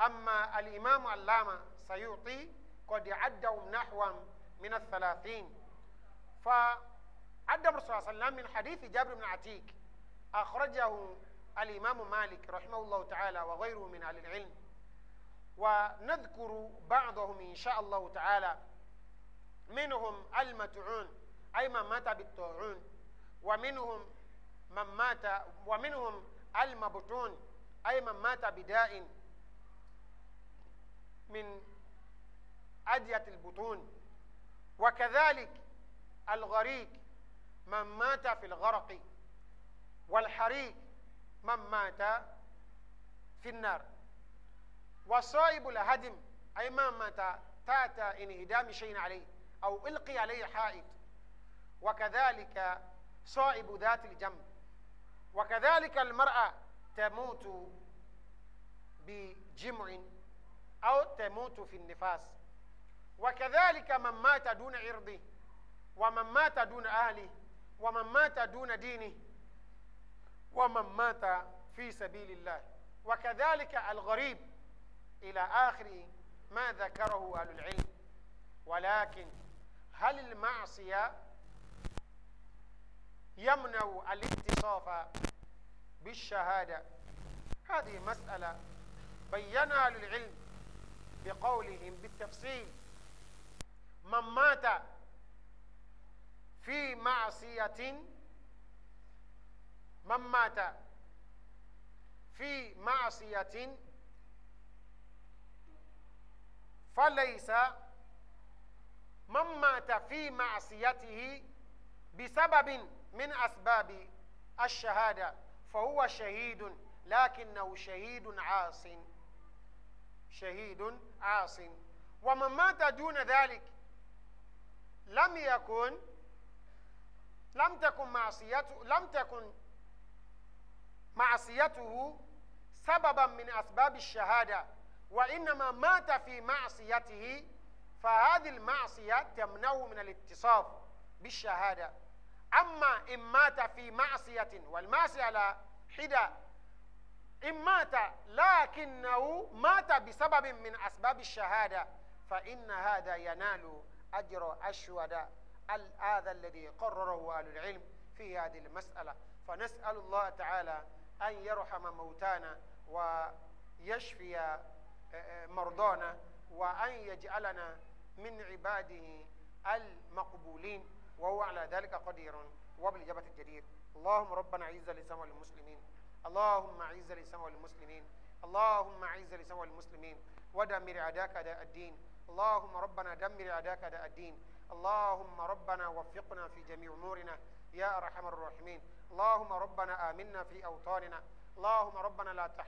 أما الإمام اللامة سيعطي قد عدوا نحو من الثلاثين فعد الرسول صلى الله عليه وسلم من حديث جابر بن عتيك أخرجه الإمام مالك رحمه الله تعالى وغيره من أهل العلم ونذكر بعضهم إن شاء الله تعالى منهم المتعون أي من مات بالطاعون ومنهم من مات ومنهم المبطون أي من مات بداء من أدية البطون وكذلك الغريق من مات في الغرق والحريق من مات في النار وصائب الهدم أي ما مات تاتى انهدام شيء عليه أو إلقي عليه حائط وكذلك صائب ذات الجنب وكذلك المرأة تموت بجمع أو تموت في النفاس وكذلك من مات دون عرضه ومن مات دون أهله ومن مات دون دينه ومن مات في سبيل الله وكذلك الغريب إلى آخر ما ذكره أهل العلم ولكن هل المعصية يمنع الاتصاف بالشهادة هذه مسألة بينا أهل العلم بقولهم بالتفصيل من مات في معصية من مات في معصية فليس من مات في معصيته بسبب من أسباب الشهادة فهو شهيد لكنه شهيد عاصٍ شهيد عاص ومن مات دون ذلك لم يكن لم تكن معصيته لم تكن معصيته سببا من اسباب الشهاده وإنما مات في معصيته فهذه المعصية تمنعه من الاتصاف بالشهادة أما إن مات في معصية والمعصية على حدة إن مات لكنه مات بسبب من أسباب الشهادة فإن هذا ينال أجر أشهد هذا الذي قرره أهل العلم في هذه المسألة فنسأل الله تعالى أن يرحم موتانا ويشفي مرضانا وأن يجعلنا من عباده المقبولين وهو على ذلك قدير وبالإجابة الجدير اللهم ربنا عز لسوى المسلمين اللهم عز لسوى المسلمين اللهم عز لسوى المسلمين ودمر أعداءك أداء الدين اللهم ربنا دمر أعداءك أداء الدين اللهم ربنا وفقنا في جميع أمورنا يا أرحم الراحمين اللهم ربنا آمنا في أوطاننا اللهم ربنا لا تحرمنا